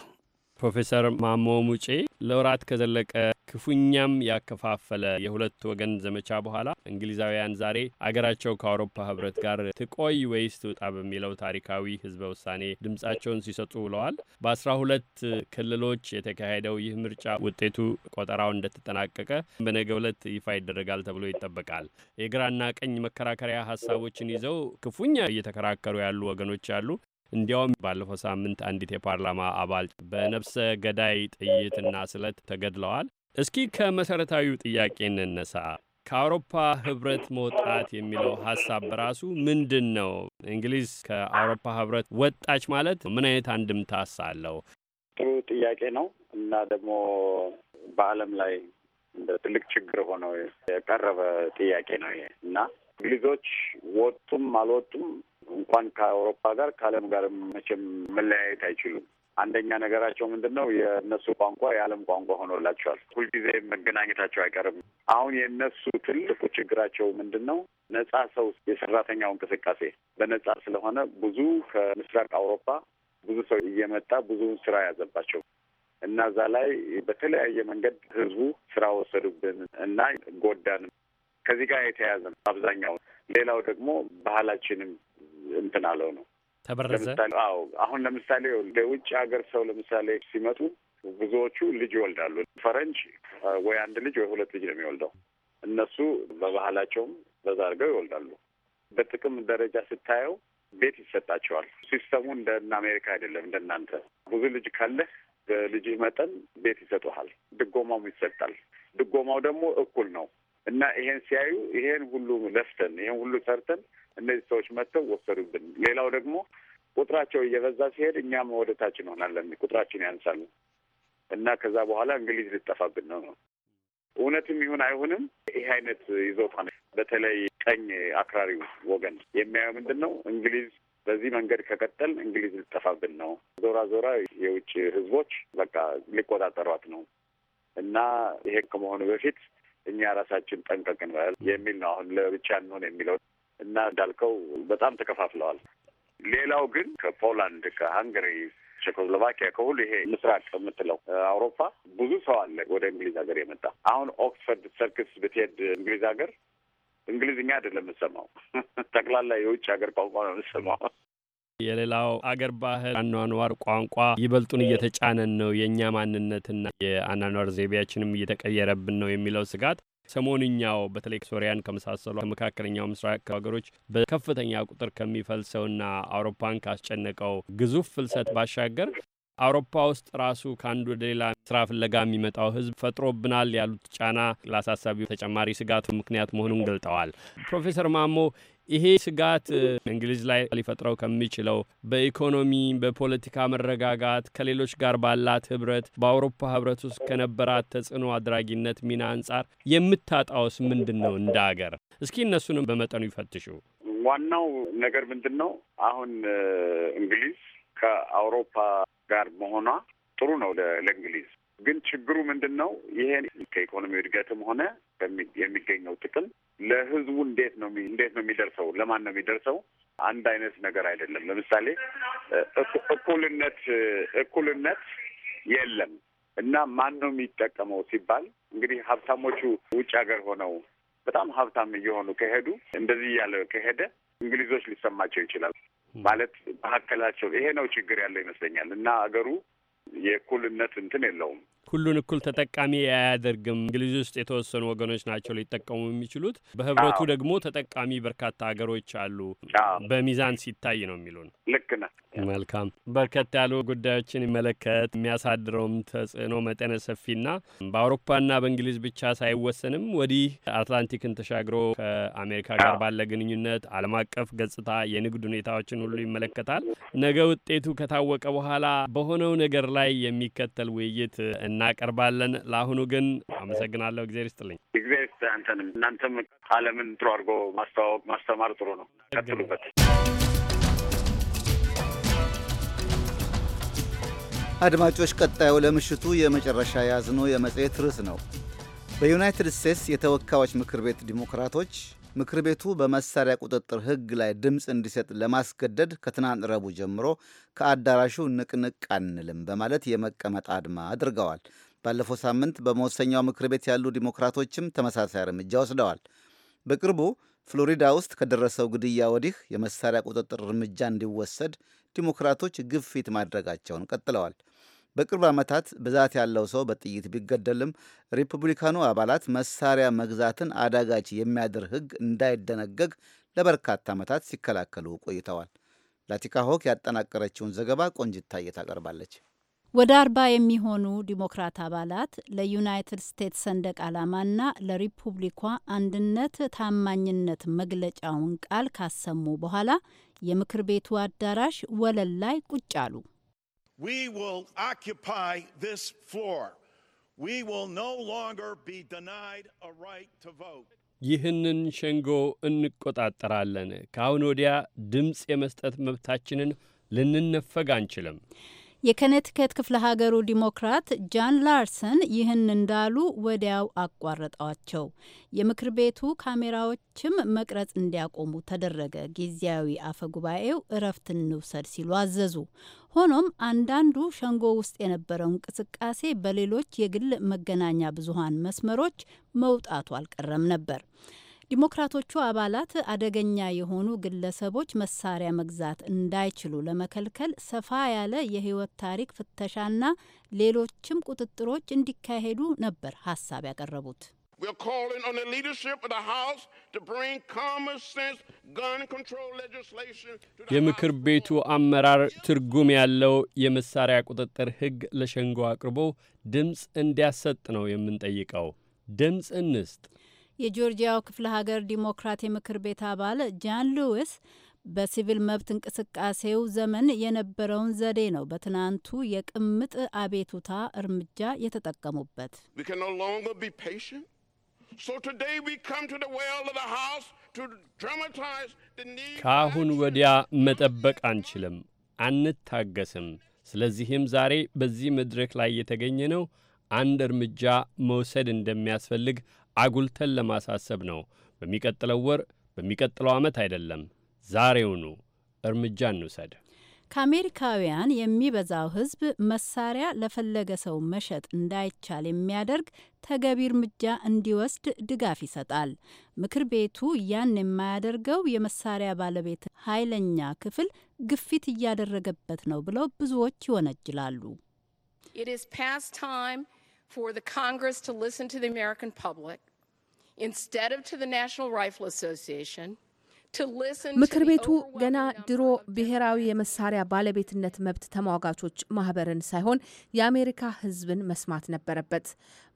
ፕሮፌሰር ማሞ ሙጬ ለወራት ከዘለቀ ክፉኛም ያከፋፈለ የሁለት ወገን ዘመቻ በኋላ እንግሊዛውያን ዛሬ አገራቸው ከአውሮፓ ህብረት ጋር ትቆይ ወይስ ትውጣ በሚለው ታሪካዊ ህዝበ ውሳኔ ድምጻቸውን ሲሰጡ ውለዋል። በአስራ ሁለት ክልሎች የተካሄደው ይህ ምርጫ ውጤቱ ቆጠራው እንደተጠናቀቀ በነገ ዕለት ይፋ ይደረጋል ተብሎ ይጠበቃል። የግራና ቀኝ መከራከሪያ ሀሳቦችን ይዘው ክፉኛ እየተከራከሩ ያሉ ወገኖች አሉ። እንዲያውም ባለፈው ሳምንት አንዲት የፓርላማ አባል በነፍሰ ገዳይ ጥይትና ስለት ተገድለዋል። እስኪ ከመሰረታዊው ጥያቄ እንነሳ። ከአውሮፓ ህብረት መውጣት የሚለው ሀሳብ በራሱ ምንድን ነው? እንግሊዝ ከአውሮፓ ህብረት ወጣች ማለት ምን አይነት አንድምታስ አለው? ጥሩ ጥያቄ ነው እና ደግሞ በዓለም ላይ እንደ ትልቅ ችግር ሆነው የቀረበ ጥያቄ ነው ይሄ እና እንግሊዞች ወጡም አልወጡም እንኳን ከአውሮፓ ጋር ከዓለም ጋር መቼም መለያየት አይችሉም። አንደኛ ነገራቸው ምንድን ነው? የእነሱ ቋንቋ የዓለም ቋንቋ ሆኖላቸዋል። ሁልጊዜ መገናኘታቸው አይቀርም። አሁን የእነሱ ትልቁ ችግራቸው ምንድን ነው? ነጻ ሰው የሰራተኛው እንቅስቃሴ በነጻ ስለሆነ ብዙ ከምስራቅ አውሮፓ ብዙ ሰው እየመጣ ብዙውን ስራ ያዘባቸው እና እዛ ላይ በተለያየ መንገድ ህዝቡ ስራ ወሰዱብን እና ጎዳንም ከዚህ ጋር የተያያዘ ነው አብዛኛው። ሌላው ደግሞ ባህላችንም እንትን አለው ነው ተበረዘ። አዎ አሁን ለምሳሌ ለውጭ ሀገር ሰው ለምሳሌ ሲመጡ ብዙዎቹ ልጅ ይወልዳሉ። ፈረንጅ ወይ አንድ ልጅ ወይ ሁለት ልጅ ነው የሚወልደው። እነሱ በባህላቸውም በዛ አድርገው ይወልዳሉ። በጥቅም ደረጃ ስታየው ቤት ይሰጣቸዋል። ሲስተሙ እንደ አሜሪካ አይደለም። እንደእናንተ ብዙ ልጅ ካለህ በልጅህ መጠን ቤት ይሰጡሃል። ድጎማውም ይሰጣል። ድጎማው ደግሞ እኩል ነው እና ይሄን ሲያዩ ይሄን ሁሉ ለፍተን ይሄን ሁሉ ሰርተን እነዚህ ሰዎች መጥተው ወሰዱብን። ሌላው ደግሞ ቁጥራቸው እየበዛ ሲሄድ እኛም ወደታች እንሆናለን፣ ቁጥራችን ያንሳሉ እና ከዛ በኋላ እንግሊዝ ልጠፋብን ነው ነው እውነትም ይሁን አይሁንም ይህ አይነት ይዞታ በተለይ ቀኝ አክራሪው ወገን የሚያየው ምንድን ነው? እንግሊዝ በዚህ መንገድ ከቀጠል እንግሊዝ ልጠፋብን ነው፣ ዞራ ዞራ የውጭ ህዝቦች በቃ ሊቆጣጠሯት ነው እና ይሄ ከመሆኑ በፊት እኛ ራሳችን ጠንቀቅን የሚል ነው። አሁን ለብቻ እንሆን የሚለው እና እንዳልከው በጣም ተከፋፍለዋል። ሌላው ግን ከፖላንድ ከሀንገሪ ቼኮስሎቫኪያ ከሁሉ ይሄ ምስራቅ የምትለው አውሮፓ ብዙ ሰው አለ ወደ እንግሊዝ ሀገር የመጣ አሁን ኦክስፈርድ ሰርክስ ብትሄድ እንግሊዝ ሀገር እንግሊዝኛ አይደለም የምትሰማው፣ ጠቅላላ የውጭ ሀገር ቋንቋ ነው የምትሰማው። የሌላው አገር ባህል፣ አኗኗር፣ ቋንቋ ይበልጡን እየተጫነን ነው፣ የእኛ ማንነትና የአኗኗር ዘይቤያችንም እየተቀየረብን ነው የሚለው ስጋት ሰሞንኛው በተለይ ሶሪያን ከመሳሰሉ ከመካከለኛው ምስራቅ ሀገሮች በከፍተኛ ቁጥር ከሚፈልሰውና አውሮፓን ካስጨነቀው ግዙፍ ፍልሰት ባሻገር አውሮፓ ውስጥ ራሱ ከአንዱ ወደ ሌላ ስራ ፍለጋ የሚመጣው ህዝብ ፈጥሮብናል ያሉት ጫና ለአሳሳቢው ተጨማሪ ስጋቱ ምክንያት መሆኑን ገልጠዋል። ፕሮፌሰር ማሞ ይሄ ስጋት እንግሊዝ ላይ ሊፈጥረው ከሚችለው በኢኮኖሚ በፖለቲካ መረጋጋት ከሌሎች ጋር ባላት ህብረት በአውሮፓ ህብረት ውስጥ ከነበራት ተጽዕኖ አድራጊነት ሚና አንጻር የምታጣውስ ምንድን ነው? እንደ ሀገር እስኪ እነሱንም በመጠኑ ይፈትሹ። ዋናው ነገር ምንድን ነው? አሁን እንግሊዝ ከአውሮፓ ጋር መሆኗ ጥሩ ነው ለእንግሊዝ ግን ችግሩ ምንድን ነው? ይሄን ከኢኮኖሚው እድገትም ሆነ የሚገኘው ጥቅም ለህዝቡ እንዴት ነው እንዴት ነው የሚደርሰው? ለማን ነው የሚደርሰው? አንድ አይነት ነገር አይደለም። ለምሳሌ እኩልነት እኩልነት የለም እና ማን ነው የሚጠቀመው ሲባል እንግዲህ ሀብታሞቹ ውጭ ሀገር ሆነው በጣም ሀብታም እየሆኑ ከሄዱ እንደዚህ እያለ ከሄደ እንግሊዞች ሊሰማቸው ይችላል ማለት መካከላቸው ይሄ ነው ችግር ያለው ይመስለኛል እና አገሩ የእኩልነት እንትን የለውም ሁሉን እኩል ተጠቃሚ አያደርግም። እንግሊዝ ውስጥ የተወሰኑ ወገኖች ናቸው ሊጠቀሙ የሚችሉት። በህብረቱ ደግሞ ተጠቃሚ በርካታ ሀገሮች አሉ። በሚዛን ሲታይ ነው የሚሉን። ልክ ነህ። መልካም። በርከት ያሉ ጉዳዮችን ይመለከት የሚያሳድረውም ተጽዕኖ መጠነ ሰፊና በአውሮፓና በእንግሊዝ ብቻ ሳይወሰንም ወዲህ አትላንቲክን ተሻግሮ ከአሜሪካ ጋር ባለ ግንኙነት ዓለም አቀፍ ገጽታ፣ የንግድ ሁኔታዎችን ሁሉ ይመለከታል። ነገ ውጤቱ ከታወቀ በኋላ በሆነው ነገር ላይ የሚከተል ውይይት እናቀርባለን። ለአሁኑ ግን አመሰግናለሁ። እግዜር ይስጥልኝ። እግዜር ይስጥ አንተንም። እናንተም ዓለምን ጥሩ አድርጎ ማስተዋወቅ ማስተማር ጥሩ ነው። ቀጥሉበት። አድማጮች፣ ቀጣዩ ለምሽቱ የመጨረሻ ያዝነው የመጽሔት ርዕስ ነው። በዩናይትድ ስቴትስ የተወካዮች ምክር ቤት ዲሞክራቶች ምክር ቤቱ በመሳሪያ ቁጥጥር ሕግ ላይ ድምፅ እንዲሰጥ ለማስገደድ ከትናንት ረቡዕ ጀምሮ ከአዳራሹ ንቅንቅ አንልም በማለት የመቀመጥ አድማ አድርገዋል። ባለፈው ሳምንት በመወሰኛው ምክር ቤት ያሉ ዲሞክራቶችም ተመሳሳይ እርምጃ ወስደዋል። በቅርቡ ፍሎሪዳ ውስጥ ከደረሰው ግድያ ወዲህ የመሳሪያ ቁጥጥር እርምጃ እንዲወሰድ ዲሞክራቶች ግፊት ማድረጋቸውን ቀጥለዋል። በቅርብ ዓመታት ብዛት ያለው ሰው በጥይት ቢገደልም ሪፑብሊካኑ አባላት መሳሪያ መግዛትን አዳጋች የሚያድር ሕግ እንዳይደነገግ ለበርካታ ዓመታት ሲከላከሉ ቆይተዋል። ላቲካ ሆክ ያጠናቀረችውን ዘገባ ቆንጅታየ ታቀርባለች። ወደ አርባ የሚሆኑ ዲሞክራት አባላት ለዩናይትድ ስቴትስ ሰንደቅ ዓላማና ለሪፑብሊኳ አንድነት ታማኝነት መግለጫውን ቃል ካሰሙ በኋላ የምክር ቤቱ አዳራሽ ወለል ላይ ቁጭ አሉ። We will occupy this floor. We will no longer be denied a right to vote. ይህንን ሸንጎ እንቆጣጠራለን። ከአሁን ወዲያ ድምፅ የመስጠት መብታችንን ልንነፈግ አንችልም። የከነቲከት ክፍለ ሀገሩ ዲሞክራት ጃን ላርሰን ይህን እንዳሉ ወዲያው አቋረጧቸው። የምክር ቤቱ ካሜራዎችም መቅረጽ እንዲያቆሙ ተደረገ። ጊዜያዊ አፈ ጉባኤው እረፍት እንውሰድ ሲሉ አዘዙ። ሆኖም አንዳንዱ ሸንጎ ውስጥ የነበረው እንቅስቃሴ በሌሎች የግል መገናኛ ብዙሃን መስመሮች መውጣቱ አልቀረም ነበር። ዲሞክራቶቹ አባላት አደገኛ የሆኑ ግለሰቦች መሳሪያ መግዛት እንዳይችሉ ለመከልከል ሰፋ ያለ የህይወት ታሪክ ፍተሻና ሌሎችም ቁጥጥሮች እንዲካሄዱ ነበር ሀሳብ ያቀረቡት። የምክር ቤቱ አመራር ትርጉም ያለው የመሳሪያ ቁጥጥር ህግ ለሸንጎ አቅርቦ ድምፅ እንዲያሰጥ ነው የምንጠይቀው። ድምፅ እንስጥ። የጆርጂያው ክፍለ ሀገር ዲሞክራት የምክር ቤት አባል ጃን ሉዊስ በሲቪል መብት እንቅስቃሴው ዘመን የነበረውን ዘዴ ነው በትናንቱ የቅምጥ አቤቱታ እርምጃ የተጠቀሙበት። ከአሁን ወዲያ መጠበቅ አንችልም፣ አንታገስም። ስለዚህም ዛሬ በዚህ መድረክ ላይ የተገኘ ነው አንድ እርምጃ መውሰድ እንደሚያስፈልግ አጉልተን ለማሳሰብ ነው። በሚቀጥለው ወር፣ በሚቀጥለው ዓመት አይደለም፣ ዛሬውኑ እርምጃ እንውሰድ። ከአሜሪካውያን የሚበዛው ሕዝብ መሳሪያ ለፈለገ ሰው መሸጥ እንዳይቻል የሚያደርግ ተገቢ እርምጃ እንዲወስድ ድጋፍ ይሰጣል። ምክር ቤቱ ያን የማያደርገው የመሳሪያ ባለቤት ኃይለኛ ክፍል ግፊት እያደረገበት ነው ብለው ብዙዎች ይወነጅላሉ። It is past time for the Congress to listen to the American public. instead of to the National Rifle Association, ምክር ቤቱ ገና ድሮ ብሔራዊ የመሳሪያ ባለቤትነት መብት ተሟጋቾች ማህበርን ሳይሆን የአሜሪካ ሕዝብን መስማት ነበረበት።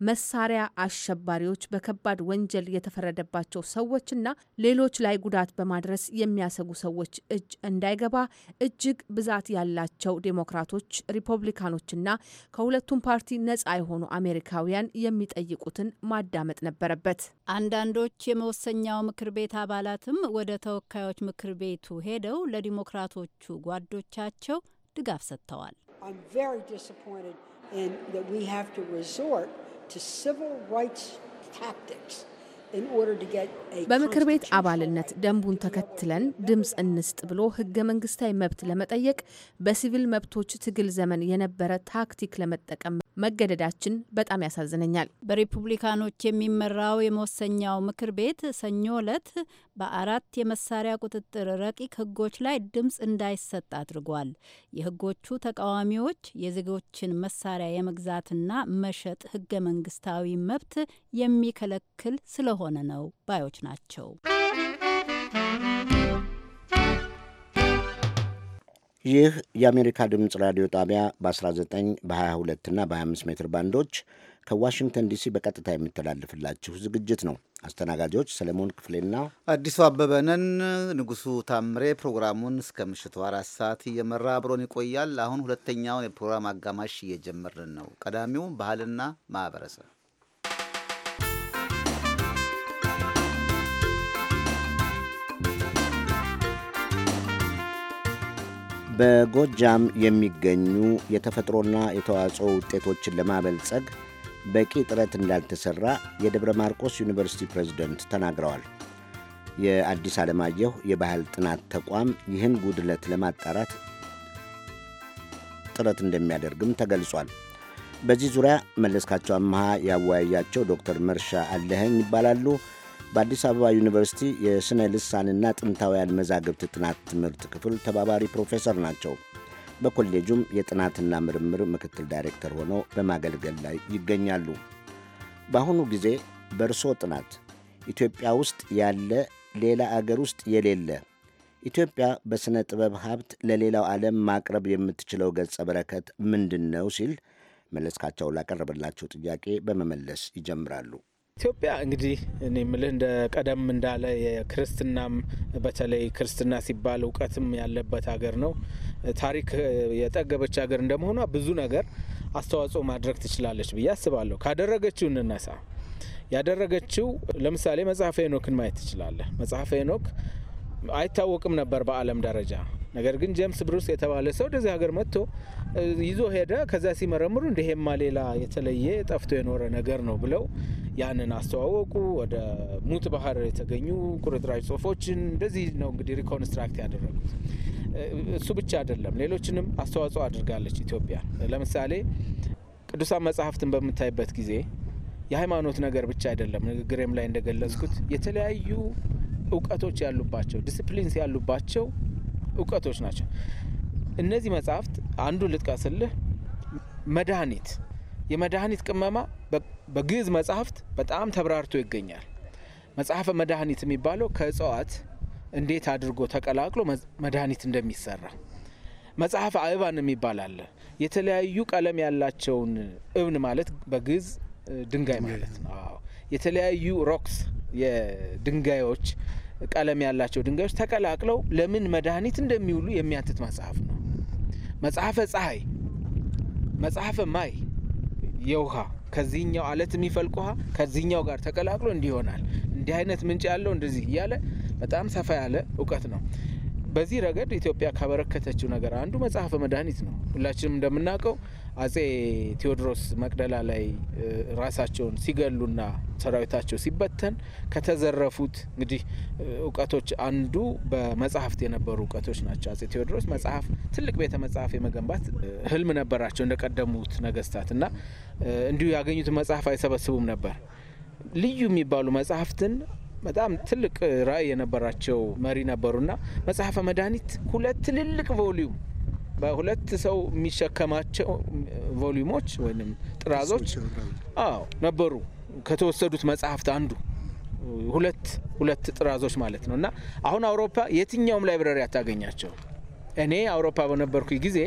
መሳሪያ አሸባሪዎች በከባድ ወንጀል የተፈረደባቸው ሰዎችና ሌሎች ላይ ጉዳት በማድረስ የሚያሰጉ ሰዎች እጅ እንዳይገባ እጅግ ብዛት ያላቸው ዴሞክራቶች፣ ሪፐብሊካኖችና ከሁለቱም ፓርቲ ነጻ የሆኑ አሜሪካውያን የሚጠይቁትን ማዳመጥ ነበረበት። አንዳንዶች የመወሰኛው ምክር ቤት አባላትም ወደ ተወካዮች ምክር ቤቱ ሄደው ለዲሞክራቶቹ ጓዶቻቸው ድጋፍ ሰጥተዋል። በምክር ቤት አባልነት ደንቡን ተከትለን ድምፅ እንስጥ ብሎ ህገ መንግስታዊ መብት ለመጠየቅ በሲቪል መብቶች ትግል ዘመን የነበረ ታክቲክ ለመጠቀም መገደዳችን በጣም ያሳዝነኛል። በሪፑብሊካኖች የሚመራው የመወሰኛው ምክር ቤት ሰኞ ዕለት በአራት የመሳሪያ ቁጥጥር ረቂቅ ህጎች ላይ ድምፅ እንዳይሰጥ አድርጓል። የህጎቹ ተቃዋሚዎች የዜጎችን መሳሪያ የመግዛትና መሸጥ ህገ መንግስታዊ መብት የሚከለክል ስለሆነ ነው ባዮች ናቸው። ይህ የአሜሪካ ድምፅ ራዲዮ ጣቢያ በ19 በ22 እና በ25 ሜትር ባንዶች ከዋሽንግተን ዲሲ በቀጥታ የሚተላለፍላችሁ ዝግጅት ነው። አስተናጋጆች ሰለሞን ክፍሌና አዲሱ አበበንን። ንጉሱ ታምሬ ፕሮግራሙን እስከ ምሽቱ አራት ሰዓት እየመራ አብሮን ይቆያል። አሁን ሁለተኛውን የፕሮግራም አጋማሽ እየጀመርን ነው። ቀዳሚው ባህልና ማህበረሰብ በጎጃም የሚገኙ የተፈጥሮና የተዋጽኦ ውጤቶችን ለማበልጸግ በቂ ጥረት እንዳልተሠራ የደብረ ማርቆስ ዩኒቨርሲቲ ፕሬዝደንት ተናግረዋል። የአዲስ ዓለማየሁ የባህል ጥናት ተቋም ይህን ጉድለት ለማጣራት ጥረት እንደሚያደርግም ተገልጿል። በዚህ ዙሪያ መለስካቸው አመሃ ያወያያቸው ዶክተር መርሻ አለኸኝ ይባላሉ። በአዲስ አበባ ዩኒቨርሲቲ የሥነ ልሳንና ጥንታውያን መዛግብት ጥናት ትምህርት ክፍል ተባባሪ ፕሮፌሰር ናቸው። በኮሌጁም የጥናትና ምርምር ምክትል ዳይሬክተር ሆነው በማገልገል ላይ ይገኛሉ። በአሁኑ ጊዜ በእርሶ ጥናት ኢትዮጵያ ውስጥ ያለ ሌላ አገር ውስጥ የሌለ ኢትዮጵያ በሥነ ጥበብ ሀብት ለሌላው ዓለም ማቅረብ የምትችለው ገጸ በረከት ምንድን ነው ሲል መለስካቸው ላቀረበላቸው ጥያቄ በመመለስ ይጀምራሉ። ኢትዮጵያ እንግዲህ እኔ የምልህ እንደ ቀደም እንዳለ የክርስትናም በተለይ ክርስትና ሲባል እውቀትም ያለበት ሀገር ነው። ታሪክ የጠገበች ሀገር እንደመሆኗ ብዙ ነገር አስተዋጽኦ ማድረግ ትችላለች ብዬ አስባለሁ። ካደረገችው እንነሳ። ያደረገችው ለምሳሌ መጽሐፈ ሄኖክን ማየት ትችላለህ። መጽሐፈ ሄኖክ አይታወቅም ነበር በዓለም ደረጃ። ነገር ግን ጄምስ ብሩስ የተባለ ሰው ወደዚህ ሀገር መጥቶ ይዞ ሄደ። ከዛ ሲመረምሩ እንደሄማ ሌላ የተለየ ጠፍቶ የኖረ ነገር ነው ብለው ያንን አስተዋወቁ። ወደ ሙት ባህር የተገኙ ቁርጥራጭ ጽሁፎችን እንደዚህ ነው እንግዲህ ሪኮንስትራክት ያደረጉት። እሱ ብቻ አይደለም፣ ሌሎችንም አስተዋጽኦ አድርጋለች ኢትዮጵያ። ለምሳሌ ቅዱሳን መጽሐፍትን በምታይበት ጊዜ የሃይማኖት ነገር ብቻ አይደለም። ንግግሬም ላይ እንደገለጽኩት የተለያዩ እውቀቶች ያሉባቸው ዲስፕሊንስ ያሉባቸው እውቀቶች ናቸው። እነዚህ መጽሐፍት አንዱ ልጥቀስልህ። መድኃኒት፣ የመድኃኒት ቅመማ በግዕዝ መጽሐፍት በጣም ተብራርቶ ይገኛል። መጽሐፈ መድኃኒት የሚባለው ከእጽዋት እንዴት አድርጎ ተቀላቅሎ መድኃኒት እንደሚሰራ መጽሐፈ አእባን የሚባል አለ። የተለያዩ ቀለም ያላቸውን እብን ማለት በግዕዝ ድንጋይ ማለት ነው። የተለያዩ ሮክስ የድንጋዮች ቀለም ያላቸው ድንጋዮች ተቀላቅለው ለምን መድኃኒት እንደሚውሉ የሚያትት መጽሐፍ ነው። መጽሐፈ ፀሐይ፣ መጽሐፈ ማይ የውሃ ከዚህኛው አለት የሚፈልቅ ውሃ ከዚህኛው ጋር ተቀላቅሎ እንዲሆናል እንዲህ አይነት ምንጭ ያለው እንደዚህ እያለ በጣም ሰፋ ያለ እውቀት ነው። በዚህ ረገድ ኢትዮጵያ ካበረከተችው ነገር አንዱ መጽሐፈ መድኃኒት ነው። ሁላችንም እንደምናውቀው አጼ ቴዎድሮስ መቅደላ ላይ ራሳቸውን ሲገሉና ሰራዊታቸው ሲበተን ከተዘረፉት እንግዲህ እውቀቶች አንዱ በመጽሐፍት የነበሩ እውቀቶች ናቸው። አጼ ቴዎድሮስ መጽሐፍ ትልቅ ቤተ መጽሐፍ የመገንባት ህልም ነበራቸው እንደቀደሙት ነገስታት እና እንዲሁ ያገኙትን መጽሐፍ አይሰበስቡም ነበር። ልዩ የሚባሉ መጽሐፍትን በጣም ትልቅ ራዕይ የነበራቸው መሪ ነበሩና መጽሐፈ መድኃኒት ሁለት ትልልቅ ቮሊዩም በሁለት ሰው የሚሸከማቸው ቮሊዩሞች ወይም ጥራዞች አዎ ነበሩ። ከተወሰዱት መጽሐፍት አንዱ ሁለት ሁለት ጥራዞች ማለት ነው እና አሁን አውሮፓ የትኛውም ላይብረሪ አታገኛቸው። እኔ አውሮፓ በነበርኩ ጊዜ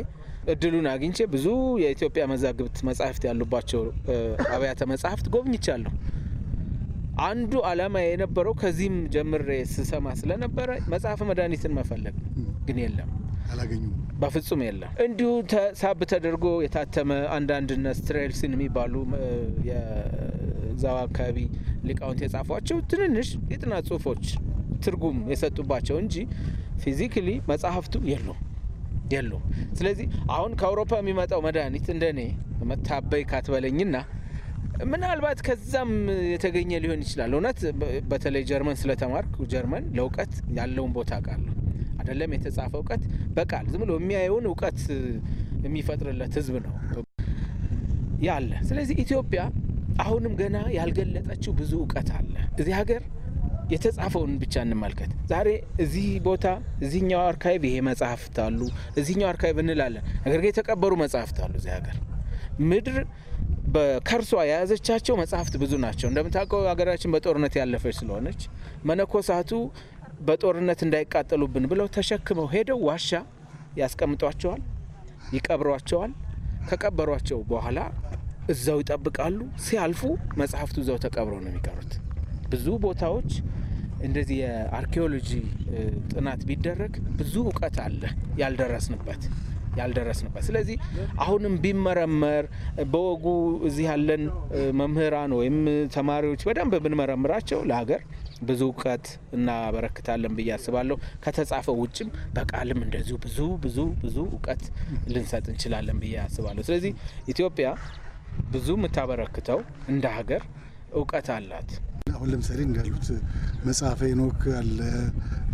እድሉን አግኝቼ ብዙ የኢትዮጵያ መዛግብት መጽሐፍት ያሉባቸው አብያተ መጽሐፍት ጎብኝቻለሁ። አንዱ አላማ የነበረው ከዚህም ጀምሬ ስሰማ ስለነበረ መጽሐፈ መድኃኒትን መፈለግ ግን የለም በፍጹም የለም። እንዲሁ ሳብ ተደርጎ የታተመ አንዳንድ ስትሬልሲን የሚባሉ የዛው አካባቢ ሊቃውንት የጻፏቸው ትንንሽ የጥናት ጽሁፎች ትርጉም የሰጡባቸው እንጂ ፊዚክሊ መጽሐፍቱ የሉ የሉ። ስለዚህ አሁን ከአውሮፓ የሚመጣው መድኃኒት እንደኔ መታበይ ካትበለኝና ምናልባት ከዛም የተገኘ ሊሆን ይችላል። እውነት በተለይ ጀርመን ስለተማርኩ ጀርመን ለእውቀት ያለውን ቦታ አውቃለሁ። አይደለም የተጻፈ እውቀት በቃል ዝም ብሎ የሚያየውን እውቀት የሚፈጥርለት ህዝብ ነው ያለ። ስለዚህ ኢትዮጵያ አሁንም ገና ያልገለጠችው ብዙ እውቀት አለ። እዚህ ሀገር የተጻፈውን ብቻ እንመልከት። ዛሬ እዚህ ቦታ እዚህኛው አርካይቭ ይሄ መጽሐፍት አሉ፣ እዚህኛው አርካይቭ እንላለን። ነገር ግን የተቀበሩ መጽሐፍት አሉ እዚህ ሀገር ምድር በከርሷ የያዘቻቸው መጽሐፍት ብዙ ናቸው። እንደምታውቀው ሀገራችን በጦርነት ያለፈች ስለሆነች መነኮሳቱ በጦርነት እንዳይቃጠሉብን ብለው ተሸክመው ሄደው ዋሻ ያስቀምጧቸዋል፣ ይቀብሯቸዋል። ከቀበሯቸው በኋላ እዛው ይጠብቃሉ። ሲያልፉ መጽሐፍቱ እዛው ተቀብረው ነው የሚቀሩት። ብዙ ቦታዎች እንደዚህ የአርኪኦሎጂ ጥናት ቢደረግ ብዙ እውቀት አለ ያልደረስንበት። ያልደረስንበት። ስለዚህ አሁንም ቢመረመር በወጉ እዚህ ያለን መምህራን ወይም ተማሪዎች በደንብ ብንመረምራቸው ለሀገር ብዙ እውቀት እናበረክታለን ብዬ አስባለሁ። ከተጻፈ ውጭም በቃልም እንደዚሁ ብዙ ብዙ ብዙ እውቀት ልንሰጥ እንችላለን ብዬ አስባለሁ። ስለዚህ ኢትዮጵያ ብዙ የምታበረክተው እንደ ሀገር እውቀት አላት። አሁን ለምሳሌ እንዳሉት መጽሐፈ ኖክ አለ፣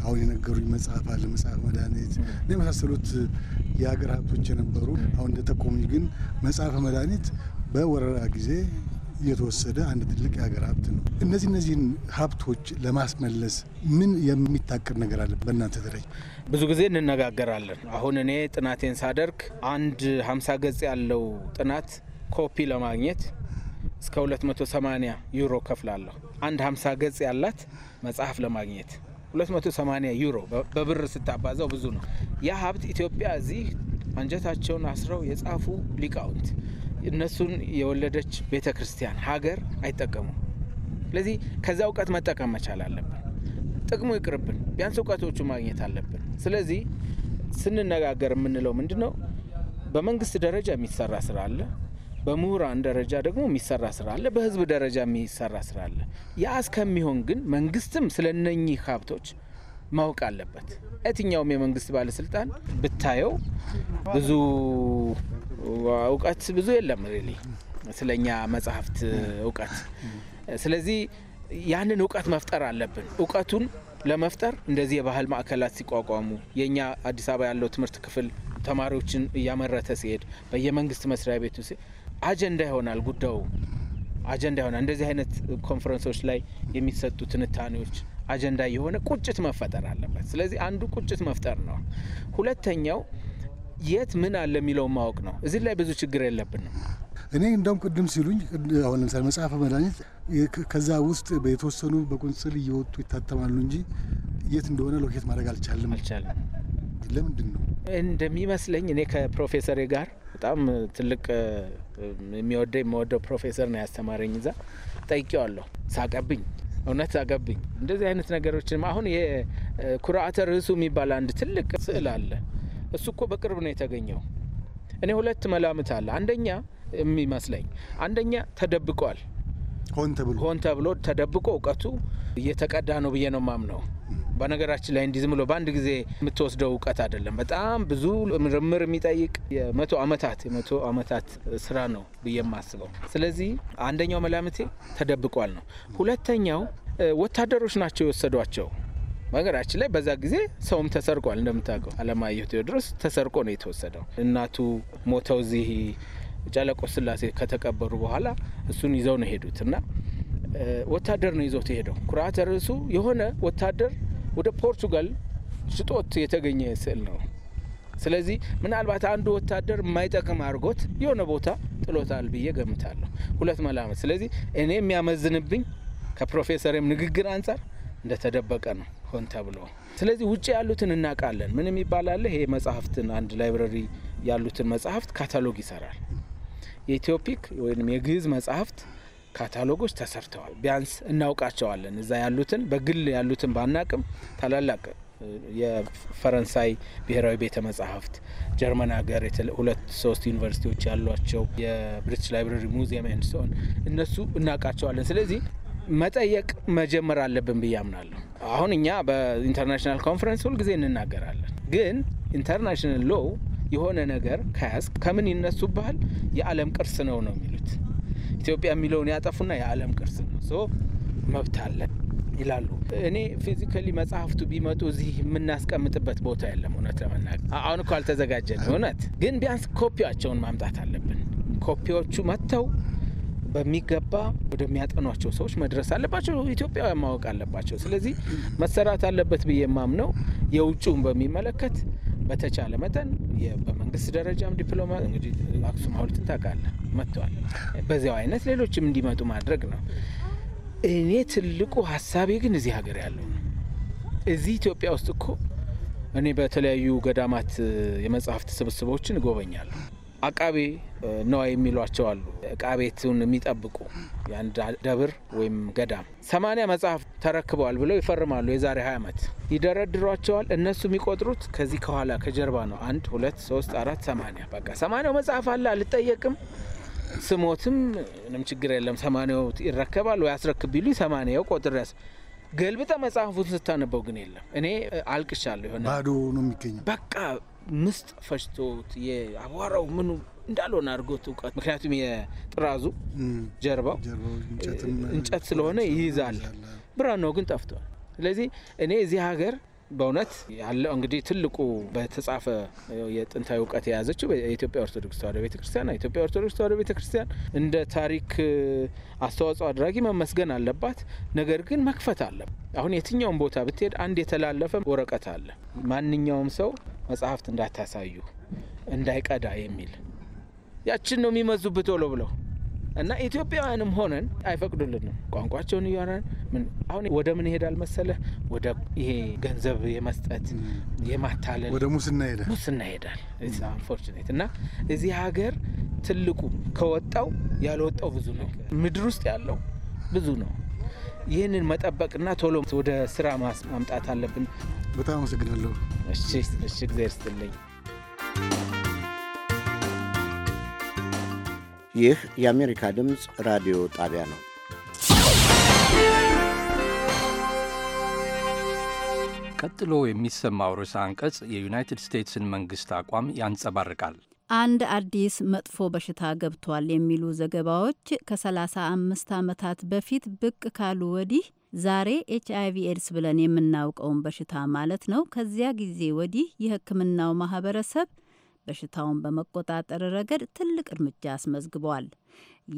አሁን የነገሩኝ መጽሐፍ አለ፣ መጽሐፍ መድኃኒት እና የመሳሰሉት የሀገር ሀብቶች የነበሩ አሁን እንደጠቆሙኝ ግን መጽሐፈ መድኃኒት በወረራ ጊዜ የተወሰደ አንድ ትልቅ የሀገር ሀብት ነው። እነዚህ እነዚህን ሀብቶች ለማስመለስ ምን የሚታቀድ ነገር አለ? በእናንተ ደረጃ ብዙ ጊዜ እንነጋገራለን። አሁን እኔ ጥናቴን ሳደርግ አንድ ሀምሳ ገጽ ያለው ጥናት ኮፒ ለማግኘት እስከ 280 ዩሮ ከፍላለሁ። አንድ 50 ገጽ ያላት መጽሐፍ ለማግኘት 280 ዩሮ በብር ስታባዛው ብዙ ነው። ያ ሀብት ኢትዮጵያ እዚህ አንጀታቸውን አስረው የጻፉ ሊቃውንት፣ እነሱን የወለደች ቤተ ክርስቲያን ሀገር አይጠቀሙም። ስለዚህ ከዛ እውቀት መጠቀም መቻል አለብን። ጥቅሙ ይቅርብን፣ ቢያንስ እውቀቶቹ ማግኘት አለብን። ስለዚህ ስንነጋገር የምንለው ምንድን ነው? በመንግስት ደረጃ የሚሰራ ስራ አለ በምሁራን ደረጃ ደግሞ የሚሰራ ስራ አለ፣ በህዝብ ደረጃ የሚሰራ ስራ አለ። ያ እስከሚሆን ግን መንግስትም ስለ እነኚህ ሀብቶች ማወቅ አለበት። የትኛውም የመንግስት ባለስልጣን ብታየው ብዙ እውቀት ብዙ የለም ሪሊ ስለኛ መጽሐፍት እውቀት። ስለዚህ ያንን እውቀት መፍጠር አለብን። እውቀቱን ለመፍጠር እንደዚህ የባህል ማዕከላት ሲቋቋሙ የእኛ አዲስ አበባ ያለው ትምህርት ክፍል ተማሪዎችን እያመረተ ሲሄድ በየመንግስት መስሪያ ቤቱ አጀንዳ ይሆናል ጉዳዩ አጀንዳ ይሆናል። እንደዚህ አይነት ኮንፈረንሶች ላይ የሚሰጡ ትንታኔዎች አጀንዳ የሆነ ቁጭት መፈጠር አለበት። ስለዚህ አንዱ ቁጭት መፍጠር ነው። ሁለተኛው የት ምን አለ የሚለው ማወቅ ነው። እዚህ ላይ ብዙ ችግር የለብንም። እኔ እንደውም ቅድም ሲሉኝ አሁን ለምሳሌ መጽሐፈ መድኃኒት ከዛ ውስጥ የተወሰኑ በቁንጽል እየወጡ ይታተማሉ እንጂ የት እንደሆነ ሎኬት ማድረግ አልቻለም አልቻለም። ለምንድን ነው እንደሚመስለኝ እኔ ከፕሮፌሰሬ ጋር በጣም ትልቅ የሚወደው የምወደው ፕሮፌሰር ነው ያስተማረኝ እዛ። ጠይቄዋለሁ። ሳቀብኝ፣ እውነት ሳቀብኝ። እንደዚህ አይነት ነገሮችንም አሁን የኩርዓተ ርዕሱ የሚባል አንድ ትልቅ ስዕል አለ። እሱ እኮ በቅርብ ነው የተገኘው። እኔ ሁለት መላምት አለ አንደኛ የሚመስለኝ አንደኛ ተደብቋል ሆን ተብሎ ሆን ተብሎ ተደብቆ እውቀቱ እየተቀዳ ነው ብዬ ነው ማምነው። በነገራችን ላይ እንዲህ ዝም ብሎ በአንድ ጊዜ የምትወስደው እውቀት አይደለም። በጣም ብዙ ምርምር የሚጠይቅ የመቶ ዓመታት የመቶ ዓመታት ስራ ነው ብዬ የማስበው። ስለዚህ አንደኛው መላምቴ ተደብቋል ነው። ሁለተኛው ወታደሮች ናቸው የወሰዷቸው። በነገራችን ላይ በዛ ጊዜ ሰውም ተሰርቋል። እንደምታውቀው አለማየሁ ቴዎድሮስ ተሰርቆ ነው የተወሰደው። እናቱ ሞተው እዚህ ጨለቆ ስላሴ ከተቀበሩ በኋላ እሱን ይዘው ነው ሄዱት እና ወታደር ነው ይዘው የሄደው ኩራት ርዕሱ የሆነ ወታደር ወደ ፖርቱጋል ሽጦት የተገኘ ስዕል ነው። ስለዚህ ምናልባት አንዱ ወታደር የማይጠቅም አድርጎት የሆነ ቦታ ጥሎታል ብዬ ገምታለሁ። ሁለት መላመት። ስለዚህ እኔ የሚያመዝንብኝ ከፕሮፌሰርም ንግግር አንጻር እንደተደበቀ ነው፣ ሆን ተብሎ። ስለዚህ ውጭ ያሉትን እናውቃለን። ምንም ይባላል ይሄ መጽሐፍትን አንድ ላይብረሪ ያሉትን መጽሐፍት ካታሎግ ይሰራል። የኢትዮፒክ ወይም የግዕዝ መጽሐፍት ካታሎጎች ተሰርተዋል። ቢያንስ እናውቃቸዋለን። እዛ ያሉትን በግል ያሉትን ባናቅም ታላላቅ የፈረንሳይ ብሔራዊ ቤተ መጽሀፍት ጀርመን ሀገር ሁለት ሶስት ዩኒቨርሲቲዎች ያሏቸው የብሪትሽ ላይብረሪ ሙዚየም ንስሆን እነሱ እናውቃቸዋለን። ስለዚህ መጠየቅ መጀመር አለብን ብያምናለሁ አምናለሁ። አሁን እኛ በኢንተርናሽናል ኮንፈረንስ ሁልጊዜ እንናገራለን፣ ግን ኢንተርናሽናል ሎው የሆነ ነገር ከያዝ ከምን ይነሱብሃል? የዓለም ቅርስ ነው ነው የሚሉት ኢትዮጵያ የሚለውን ያጠፉና የዓለም ቅርስ ነው ሶ መብት አለን ይላሉ። እኔ ፊዚካሊ መጽሐፍቱ ቢመጡ እዚህ የምናስቀምጥበት ቦታ የለም። እውነት ለመናገር አሁን እኮ አልተዘጋጀን። እውነት ግን ቢያንስ ኮፒያቸውን ማምጣት አለብን። ኮፒዎቹ መጥተው በሚገባ ወደሚያጠኗቸው ሰዎች መድረስ አለባቸው። ኢትዮጵያውያን ማወቅ አለባቸው። ስለዚህ መሰራት አለበት ብዬ የማምነው የውጭውን በሚመለከት በተቻለ መጠን በመንግስት ደረጃም ዲፕሎማ እንግዲህ አክሱም ሀውልትን ታውቃለህ መጥተዋል። በዚያው አይነት ሌሎችም እንዲመጡ ማድረግ ነው። እኔ ትልቁ ሀሳቤ ግን እዚህ ሀገር ያለው ነው። እዚህ ኢትዮጵያ ውስጥ እኮ እኔ በተለያዩ ገዳማት የመጽሐፍት ስብስቦችን እጎበኛለሁ። አቃቤ ነዋይ የሚሏቸው አሉ። እቃ ቤቱን የሚጠብቁ የአንድ ደብር ወይም ገዳም ሰማንያ መጽሐፍ ተረክበዋል ብለው ይፈርማሉ። የዛሬ ሀያ ዓመት ይደረድሯቸዋል። እነሱ የሚቆጥሩት ከዚህ ከኋላ ከጀርባ ነው። አንድ ሁለት ሶስት አራት ሰማንያ በቃ ሰማንያው መጽሐፍ አለ። አልጠየቅም። ስሞትም ምንም ችግር የለም። ሰማንያው ይረከባል ወይ አስረክብ ቢሉ ሰማንያው ቆጥር ያስ ገልብጠ መጽሐፉን ስታነበው ግን የለም። እኔ አልቅሻለሁ። የሆነ ባዶ ነው የሚገኘው በቃ ምስጥ ፈጭቶት የአቧራው ምኑ እንዳልሆነ አድርጎት እውቀት ምክንያቱም የጥራዙ ጀርባው እንጨት ስለሆነ ይይዛል። ብራናው ግን ጠፍቷል። ስለዚህ እኔ እዚህ ሀገር በእውነት ያለው እንግዲህ ትልቁ በተጻፈ የጥንታዊ እውቀት የያዘችው የኢትዮጵያ ኦርቶዶክስ ተዋሕዶ ቤተክርስቲያን ኢትዮጵያ ኦርቶዶክስ ተዋህዶ ቤተክርስቲያን እንደ ታሪክ አስተዋጽኦ አድራጊ መመስገን አለባት። ነገር ግን መክፈት አለ። አሁን የትኛውም ቦታ ብትሄድ አንድ የተላለፈ ወረቀት አለ። ማንኛውም ሰው መጽሐፍት እንዳታሳዩ እንዳይቀዳ የሚል ያችን ነው የሚመዙብት ቶሎ ብለው እና ኢትዮጵያውያንም ሆነን አይፈቅዱልንም። ቋንቋቸውን እያወራን ምን አሁን ወደ ምን ይሄዳል መሰለህ? ወደ ይሄ ገንዘብ የመስጠት የማታለል ወደ ሙስና ሄዳል ሙስና ሄዳል አንፎርት እና እዚህ ሀገር ትልቁ ከወጣው ያልወጣው ብዙ ነው። ምድር ውስጥ ያለው ብዙ ነው። ይህንን መጠበቅና ቶሎ ወደ ስራ ማምጣት አለብን። በጣም አመሰግናለሁ። እሺ፣ እሺ፣ እግዚአብሔር ስትልኝ ይህ የአሜሪካ ድምፅ ራዲዮ ጣቢያ ነው። ቀጥሎ የሚሰማው ርዕሰ አንቀጽ የዩናይትድ ስቴትስን መንግሥት አቋም ያንጸባርቃል። አንድ አዲስ መጥፎ በሽታ ገብቷል የሚሉ ዘገባዎች ከ35 ዓመታት በፊት ብቅ ካሉ ወዲህ ዛሬ ኤች አይቪ ኤድስ ብለን የምናውቀውን በሽታ ማለት ነው። ከዚያ ጊዜ ወዲህ የሕክምናው ማህበረሰብ በሽታውን በመቆጣጠር ረገድ ትልቅ እርምጃ አስመዝግቧል።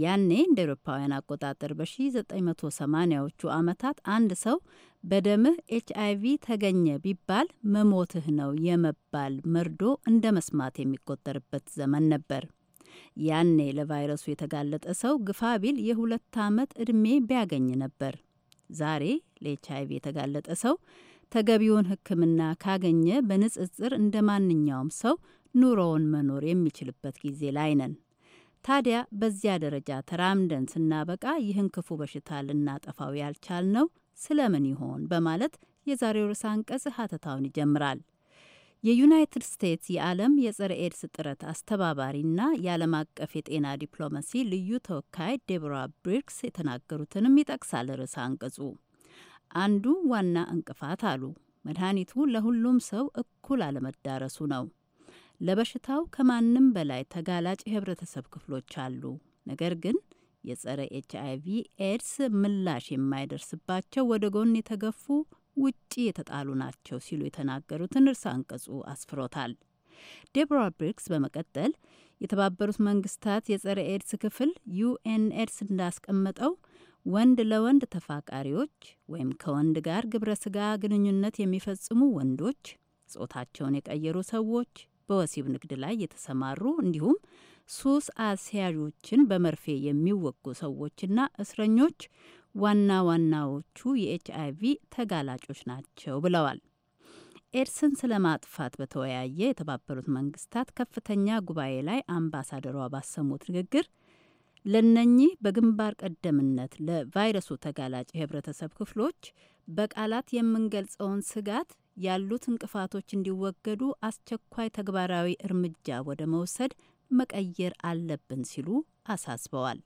ያኔ እንደ ኤሮፓውያን አቆጣጠር በ1980ዎቹ ዓመታት አንድ ሰው በደምህ ኤች አይቪ ተገኘ ቢባል መሞትህ ነው የመባል መርዶ እንደ መስማት የሚቆጠርበት ዘመን ነበር። ያኔ ለቫይረሱ የተጋለጠ ሰው ግፋ ቢል የሁለት ዓመት ዕድሜ ቢያገኝ ነበር። ዛሬ ለኤች አይቪ የተጋለጠ ሰው ተገቢውን ሕክምና ካገኘ በንጽጽር እንደ ማንኛውም ሰው ኑሮውን መኖር የሚችልበት ጊዜ ላይ ነን። ታዲያ በዚያ ደረጃ ተራምደን ስናበቃ ይህን ክፉ በሽታ ልናጠፋው ነው። ስለምን ይሆን በማለት የዛሬው ርዕሰ አንቀጽ ሀተታውን ይጀምራል። የዩናይትድ ስቴትስ የዓለም የጸረ ኤድስ ጥረት አስተባባሪና የዓለም አቀፍ የጤና ዲፕሎማሲ ልዩ ተወካይ ዴቦራ ብሪክስ የተናገሩትንም ይጠቅሳል ርዕሰ አንቀጹ። አንዱ ዋና እንቅፋት አሉ መድኃኒቱ ለሁሉም ሰው እኩል አለመዳረሱ ነው። ለበሽታው ከማንም በላይ ተጋላጭ የህብረተሰብ ክፍሎች አሉ። ነገር ግን የጸረ ኤች አይቪ ቪ ኤድስ ምላሽ የማይደርስባቸው ወደ ጎን የተገፉ ውጪ የተጣሉ ናቸው ሲሉ የተናገሩትን እርስ አንቀጹ አስፍሮታል። ዴቦራ ብሪክስ በመቀጠል የተባበሩት መንግስታት የጸረ ኤድስ ክፍል ዩኤን ኤድስ እንዳስቀመጠው ወንድ ለወንድ ተፋቃሪዎች ወይም ከወንድ ጋር ግብረ ስጋ ግንኙነት የሚፈጽሙ ወንዶች፣ ጾታቸውን የቀየሩ ሰዎች፣ በወሲብ ንግድ ላይ የተሰማሩ እንዲሁም ሱስ አስያዦችን በመርፌ የሚወጉ ሰዎችና እስረኞች ዋና ዋናዎቹ የኤች አይቪ ቪ ተጋላጮች ናቸው ብለዋል። ኤድስን ስለ ማጥፋት በተወያየ የተባበሩት መንግስታት ከፍተኛ ጉባኤ ላይ አምባሳደሯ ባሰሙት ንግግር ለነኚህ በግንባር ቀደምነት ለቫይረሱ ተጋላጭ የህብረተሰብ ክፍሎች በቃላት የምንገልጸውን ስጋት ያሉት እንቅፋቶች እንዲወገዱ አስቸኳይ ተግባራዊ እርምጃ ወደ መውሰድ መቀየር አለብን ሲሉ አሳስበዋል።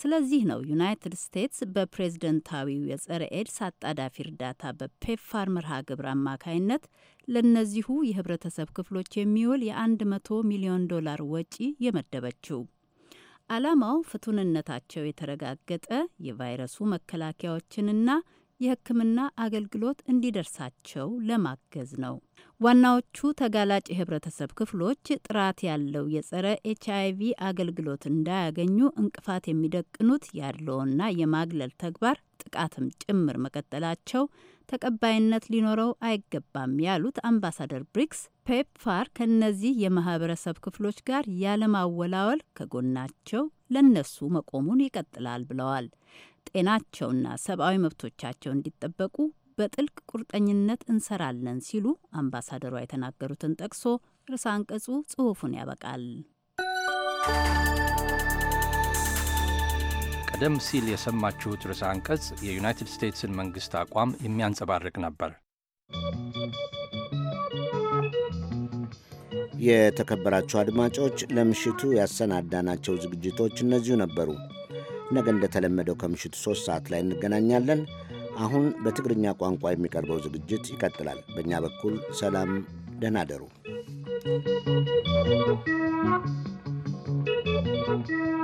ስለዚህ ነው ዩናይትድ ስቴትስ በፕሬዝደንታዊው የጸረ ኤድስ አጣዳፊ እርዳታ በፔፋር መርሃ ግብር አማካይነት ለእነዚሁ የህብረተሰብ ክፍሎች የሚውል የ100 ሚሊዮን ዶላር ወጪ የመደበችው። ዓላማው ፍቱንነታቸው የተረጋገጠ የቫይረሱ መከላከያዎችንና የሕክምና አገልግሎት እንዲደርሳቸው ለማገዝ ነው። ዋናዎቹ ተጋላጭ የህብረተሰብ ክፍሎች ጥራት ያለው የጸረ ኤች አይቪ አገልግሎት እንዳያገኙ እንቅፋት የሚደቅኑት ያለውና የማግለል ተግባር ጥቃትም ጭምር መቀጠላቸው ተቀባይነት ሊኖረው አይገባም ያሉት አምባሳደር ብሪክስ ፔፕፋር ከእነዚህ የማህበረሰብ ክፍሎች ጋር ያለማወላወል ከጎናቸው ለነሱ መቆሙን ይቀጥላል ብለዋል። ጤናቸውና ሰብአዊ መብቶቻቸው እንዲጠበቁ በጥልቅ ቁርጠኝነት እንሰራለን ሲሉ አምባሳደሯ የተናገሩትን ጠቅሶ ርዕሰ አንቀጹ ጽሑፉን ያበቃል። ቀደም ሲል የሰማችሁት ርዕሰ አንቀጽ የዩናይትድ ስቴትስን መንግሥት አቋም የሚያንጸባርቅ ነበር። የተከበራችሁ አድማጮች ለምሽቱ ያሰናዳናቸው ዝግጅቶች እነዚሁ ነበሩ። ነገ እንደተለመደው ከምሽቱ ሦስት ሰዓት ላይ እንገናኛለን። አሁን በትግርኛ ቋንቋ የሚቀርበው ዝግጅት ይቀጥላል። በእኛ በኩል ሰላም፣ ደህና you.